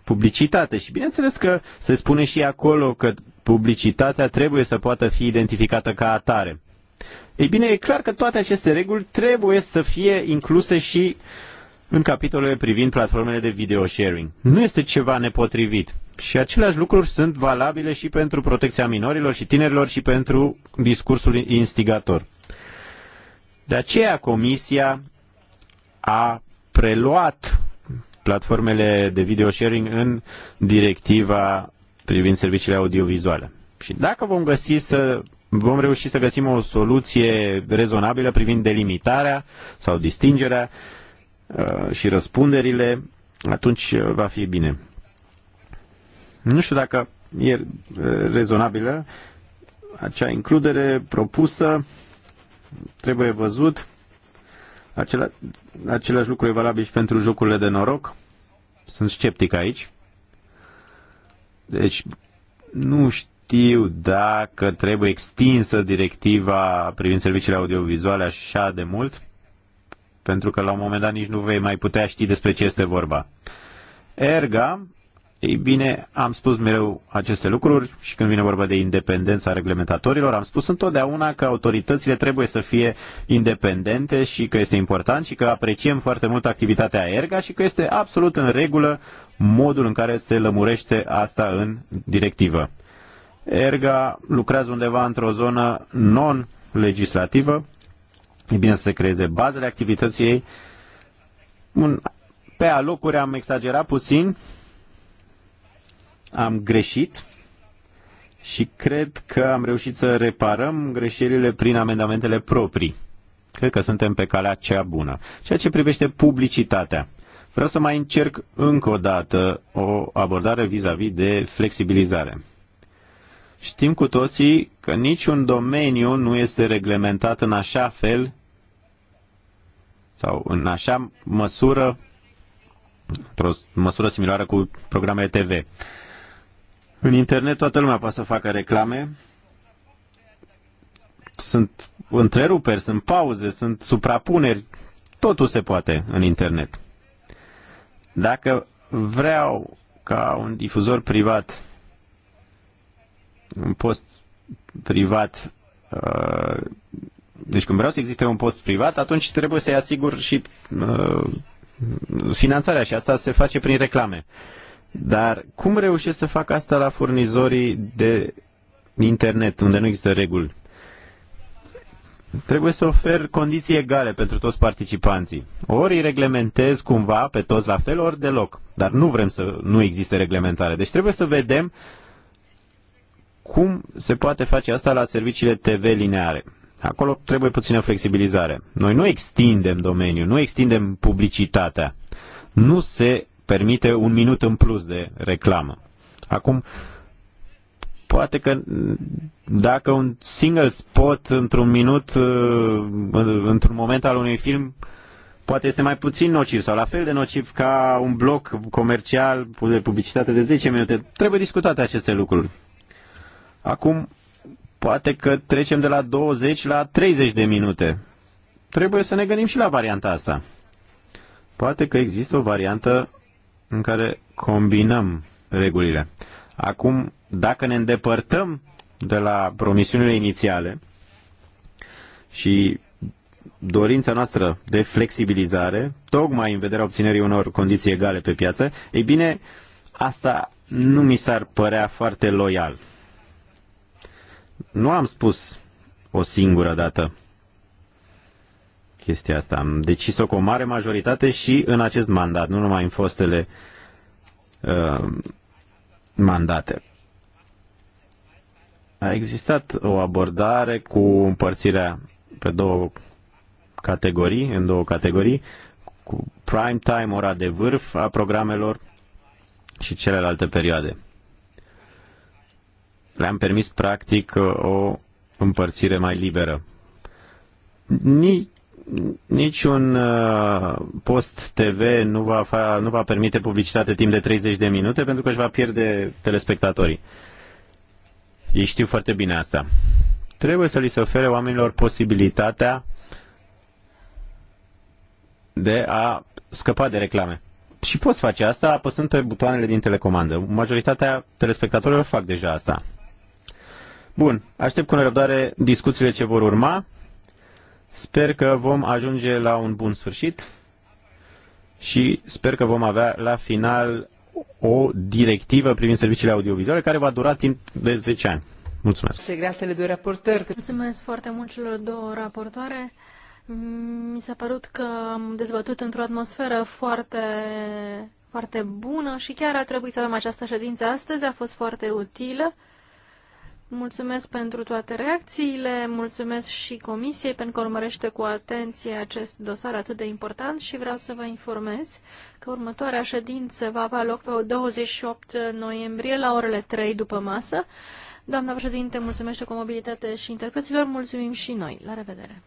publicitate și bineînțeles că se spune și acolo că publicitatea trebuie să poată fi identificată ca atare. Ei bine, e clar că toate aceste reguli trebuie să fie incluse și în capitolele privind platformele de video sharing. Nu este ceva nepotrivit. Și aceleași lucruri sunt valabile și pentru protecția minorilor și tinerilor și pentru discursul instigator. De aceea Comisia a preluat platformele de video sharing în directiva privind serviciile audiovizuale. Și dacă vom găsi să vom reuși să găsim o soluție rezonabilă privind delimitarea sau distingerea uh, și răspunderile, atunci uh, va fi bine. Nu știu dacă e uh, rezonabilă acea includere propusă, trebuie văzut. Acela, același lucru e valabil și pentru jocurile de noroc. Sunt sceptic aici. Deci nu știu dacă trebuie extinsă directiva privind serviciile audiovizuale așa de mult, pentru că la un moment dat nici nu vei mai putea ști despre ce este vorba. Erga ei bine, am spus mereu aceste lucruri și când vine vorba de independența reglementatorilor, am spus întotdeauna că autoritățile trebuie să fie independente și că este important și că apreciem foarte mult activitatea ERGA și că este absolut în regulă modul în care se lămurește asta în directivă. ERGA lucrează undeva într-o zonă non-legislativă, e bine să se creeze bazele activității ei. Un, pe alocuri am exagerat puțin, am greșit și cred că am reușit să reparăm greșelile prin amendamentele proprii. Cred că suntem pe calea cea bună. Ceea ce privește publicitatea. Vreau să mai încerc încă o dată o abordare vis-a-vis de flexibilizare. Știm cu toții că niciun domeniu nu este reglementat în așa fel sau în așa măsură, într-o măsură similară cu programele TV. În internet toată lumea poate să facă reclame. Sunt întreruperi, sunt pauze, sunt suprapuneri. Totul se poate în internet. Dacă vreau ca un difuzor privat, un post privat, uh, deci când vreau să existe un post privat, atunci trebuie să-i asigur și uh, finanțarea și asta se face prin reclame. Dar cum reușesc să fac asta la furnizorii de internet, unde nu există reguli? Trebuie să ofer condiții egale pentru toți participanții. Ori îi reglementez cumva pe toți la fel, ori deloc. Dar nu vrem să nu existe reglementare. Deci trebuie să vedem cum se poate face asta la serviciile TV lineare. Acolo trebuie puțină flexibilizare. Noi nu extindem domeniul, nu extindem publicitatea. Nu se permite un minut în plus de reclamă. Acum, poate că dacă un single spot într-un minut, uh, într-un moment al unui film, poate este mai puțin nociv sau la fel de nociv ca un bloc comercial de publicitate de 10 minute. Trebuie discutate aceste lucruri. Acum, poate că trecem de la 20 la 30 de minute. Trebuie să ne gândim și la varianta asta. Poate că există o variantă în care combinăm regulile. Acum, dacă ne îndepărtăm de la promisiunile inițiale și dorința noastră de flexibilizare, tocmai în vederea obținerii unor condiții egale pe piață, ei bine, asta nu mi s-ar părea foarte loial. Nu am spus o singură dată chestia asta. Am decis-o cu o mare majoritate și în acest mandat, nu numai în fostele uh, mandate. A existat o abordare cu împărțirea pe două categorii, în două categorii, cu prime time, ora de vârf a programelor și celelalte perioade. Le-am permis, practic, o împărțire mai liberă. Nici niciun uh, post TV nu va, fa, nu va permite publicitate timp de 30 de minute pentru că își va pierde telespectatorii. Ei știu foarte bine asta. Trebuie să li se ofere oamenilor posibilitatea de a scăpa de reclame. Și poți face asta apăsând pe butoanele din telecomandă. Majoritatea telespectatorilor fac deja asta. Bun, aștept cu nerăbdare discuțiile ce vor urma Sper că vom ajunge la un bun sfârșit și sper că vom avea la final o directivă privind serviciile audiovizuale care va dura timp de 10 ani. Mulțumesc. Mulțumesc foarte mult celor două raportoare. Mi s-a părut că am dezbătut într-o atmosferă foarte, foarte bună și chiar a trebuit să avem această ședință astăzi. A fost foarte utilă. Mulțumesc pentru toate reacțiile, mulțumesc și Comisiei pentru că urmărește cu atenție acest dosar atât de important și vreau să vă informez că următoarea ședință va avea loc pe 28 noiembrie la orele 3 după masă. Doamna președinte, mulțumesc cu mobilitate și interpreților, mulțumim și noi. La revedere!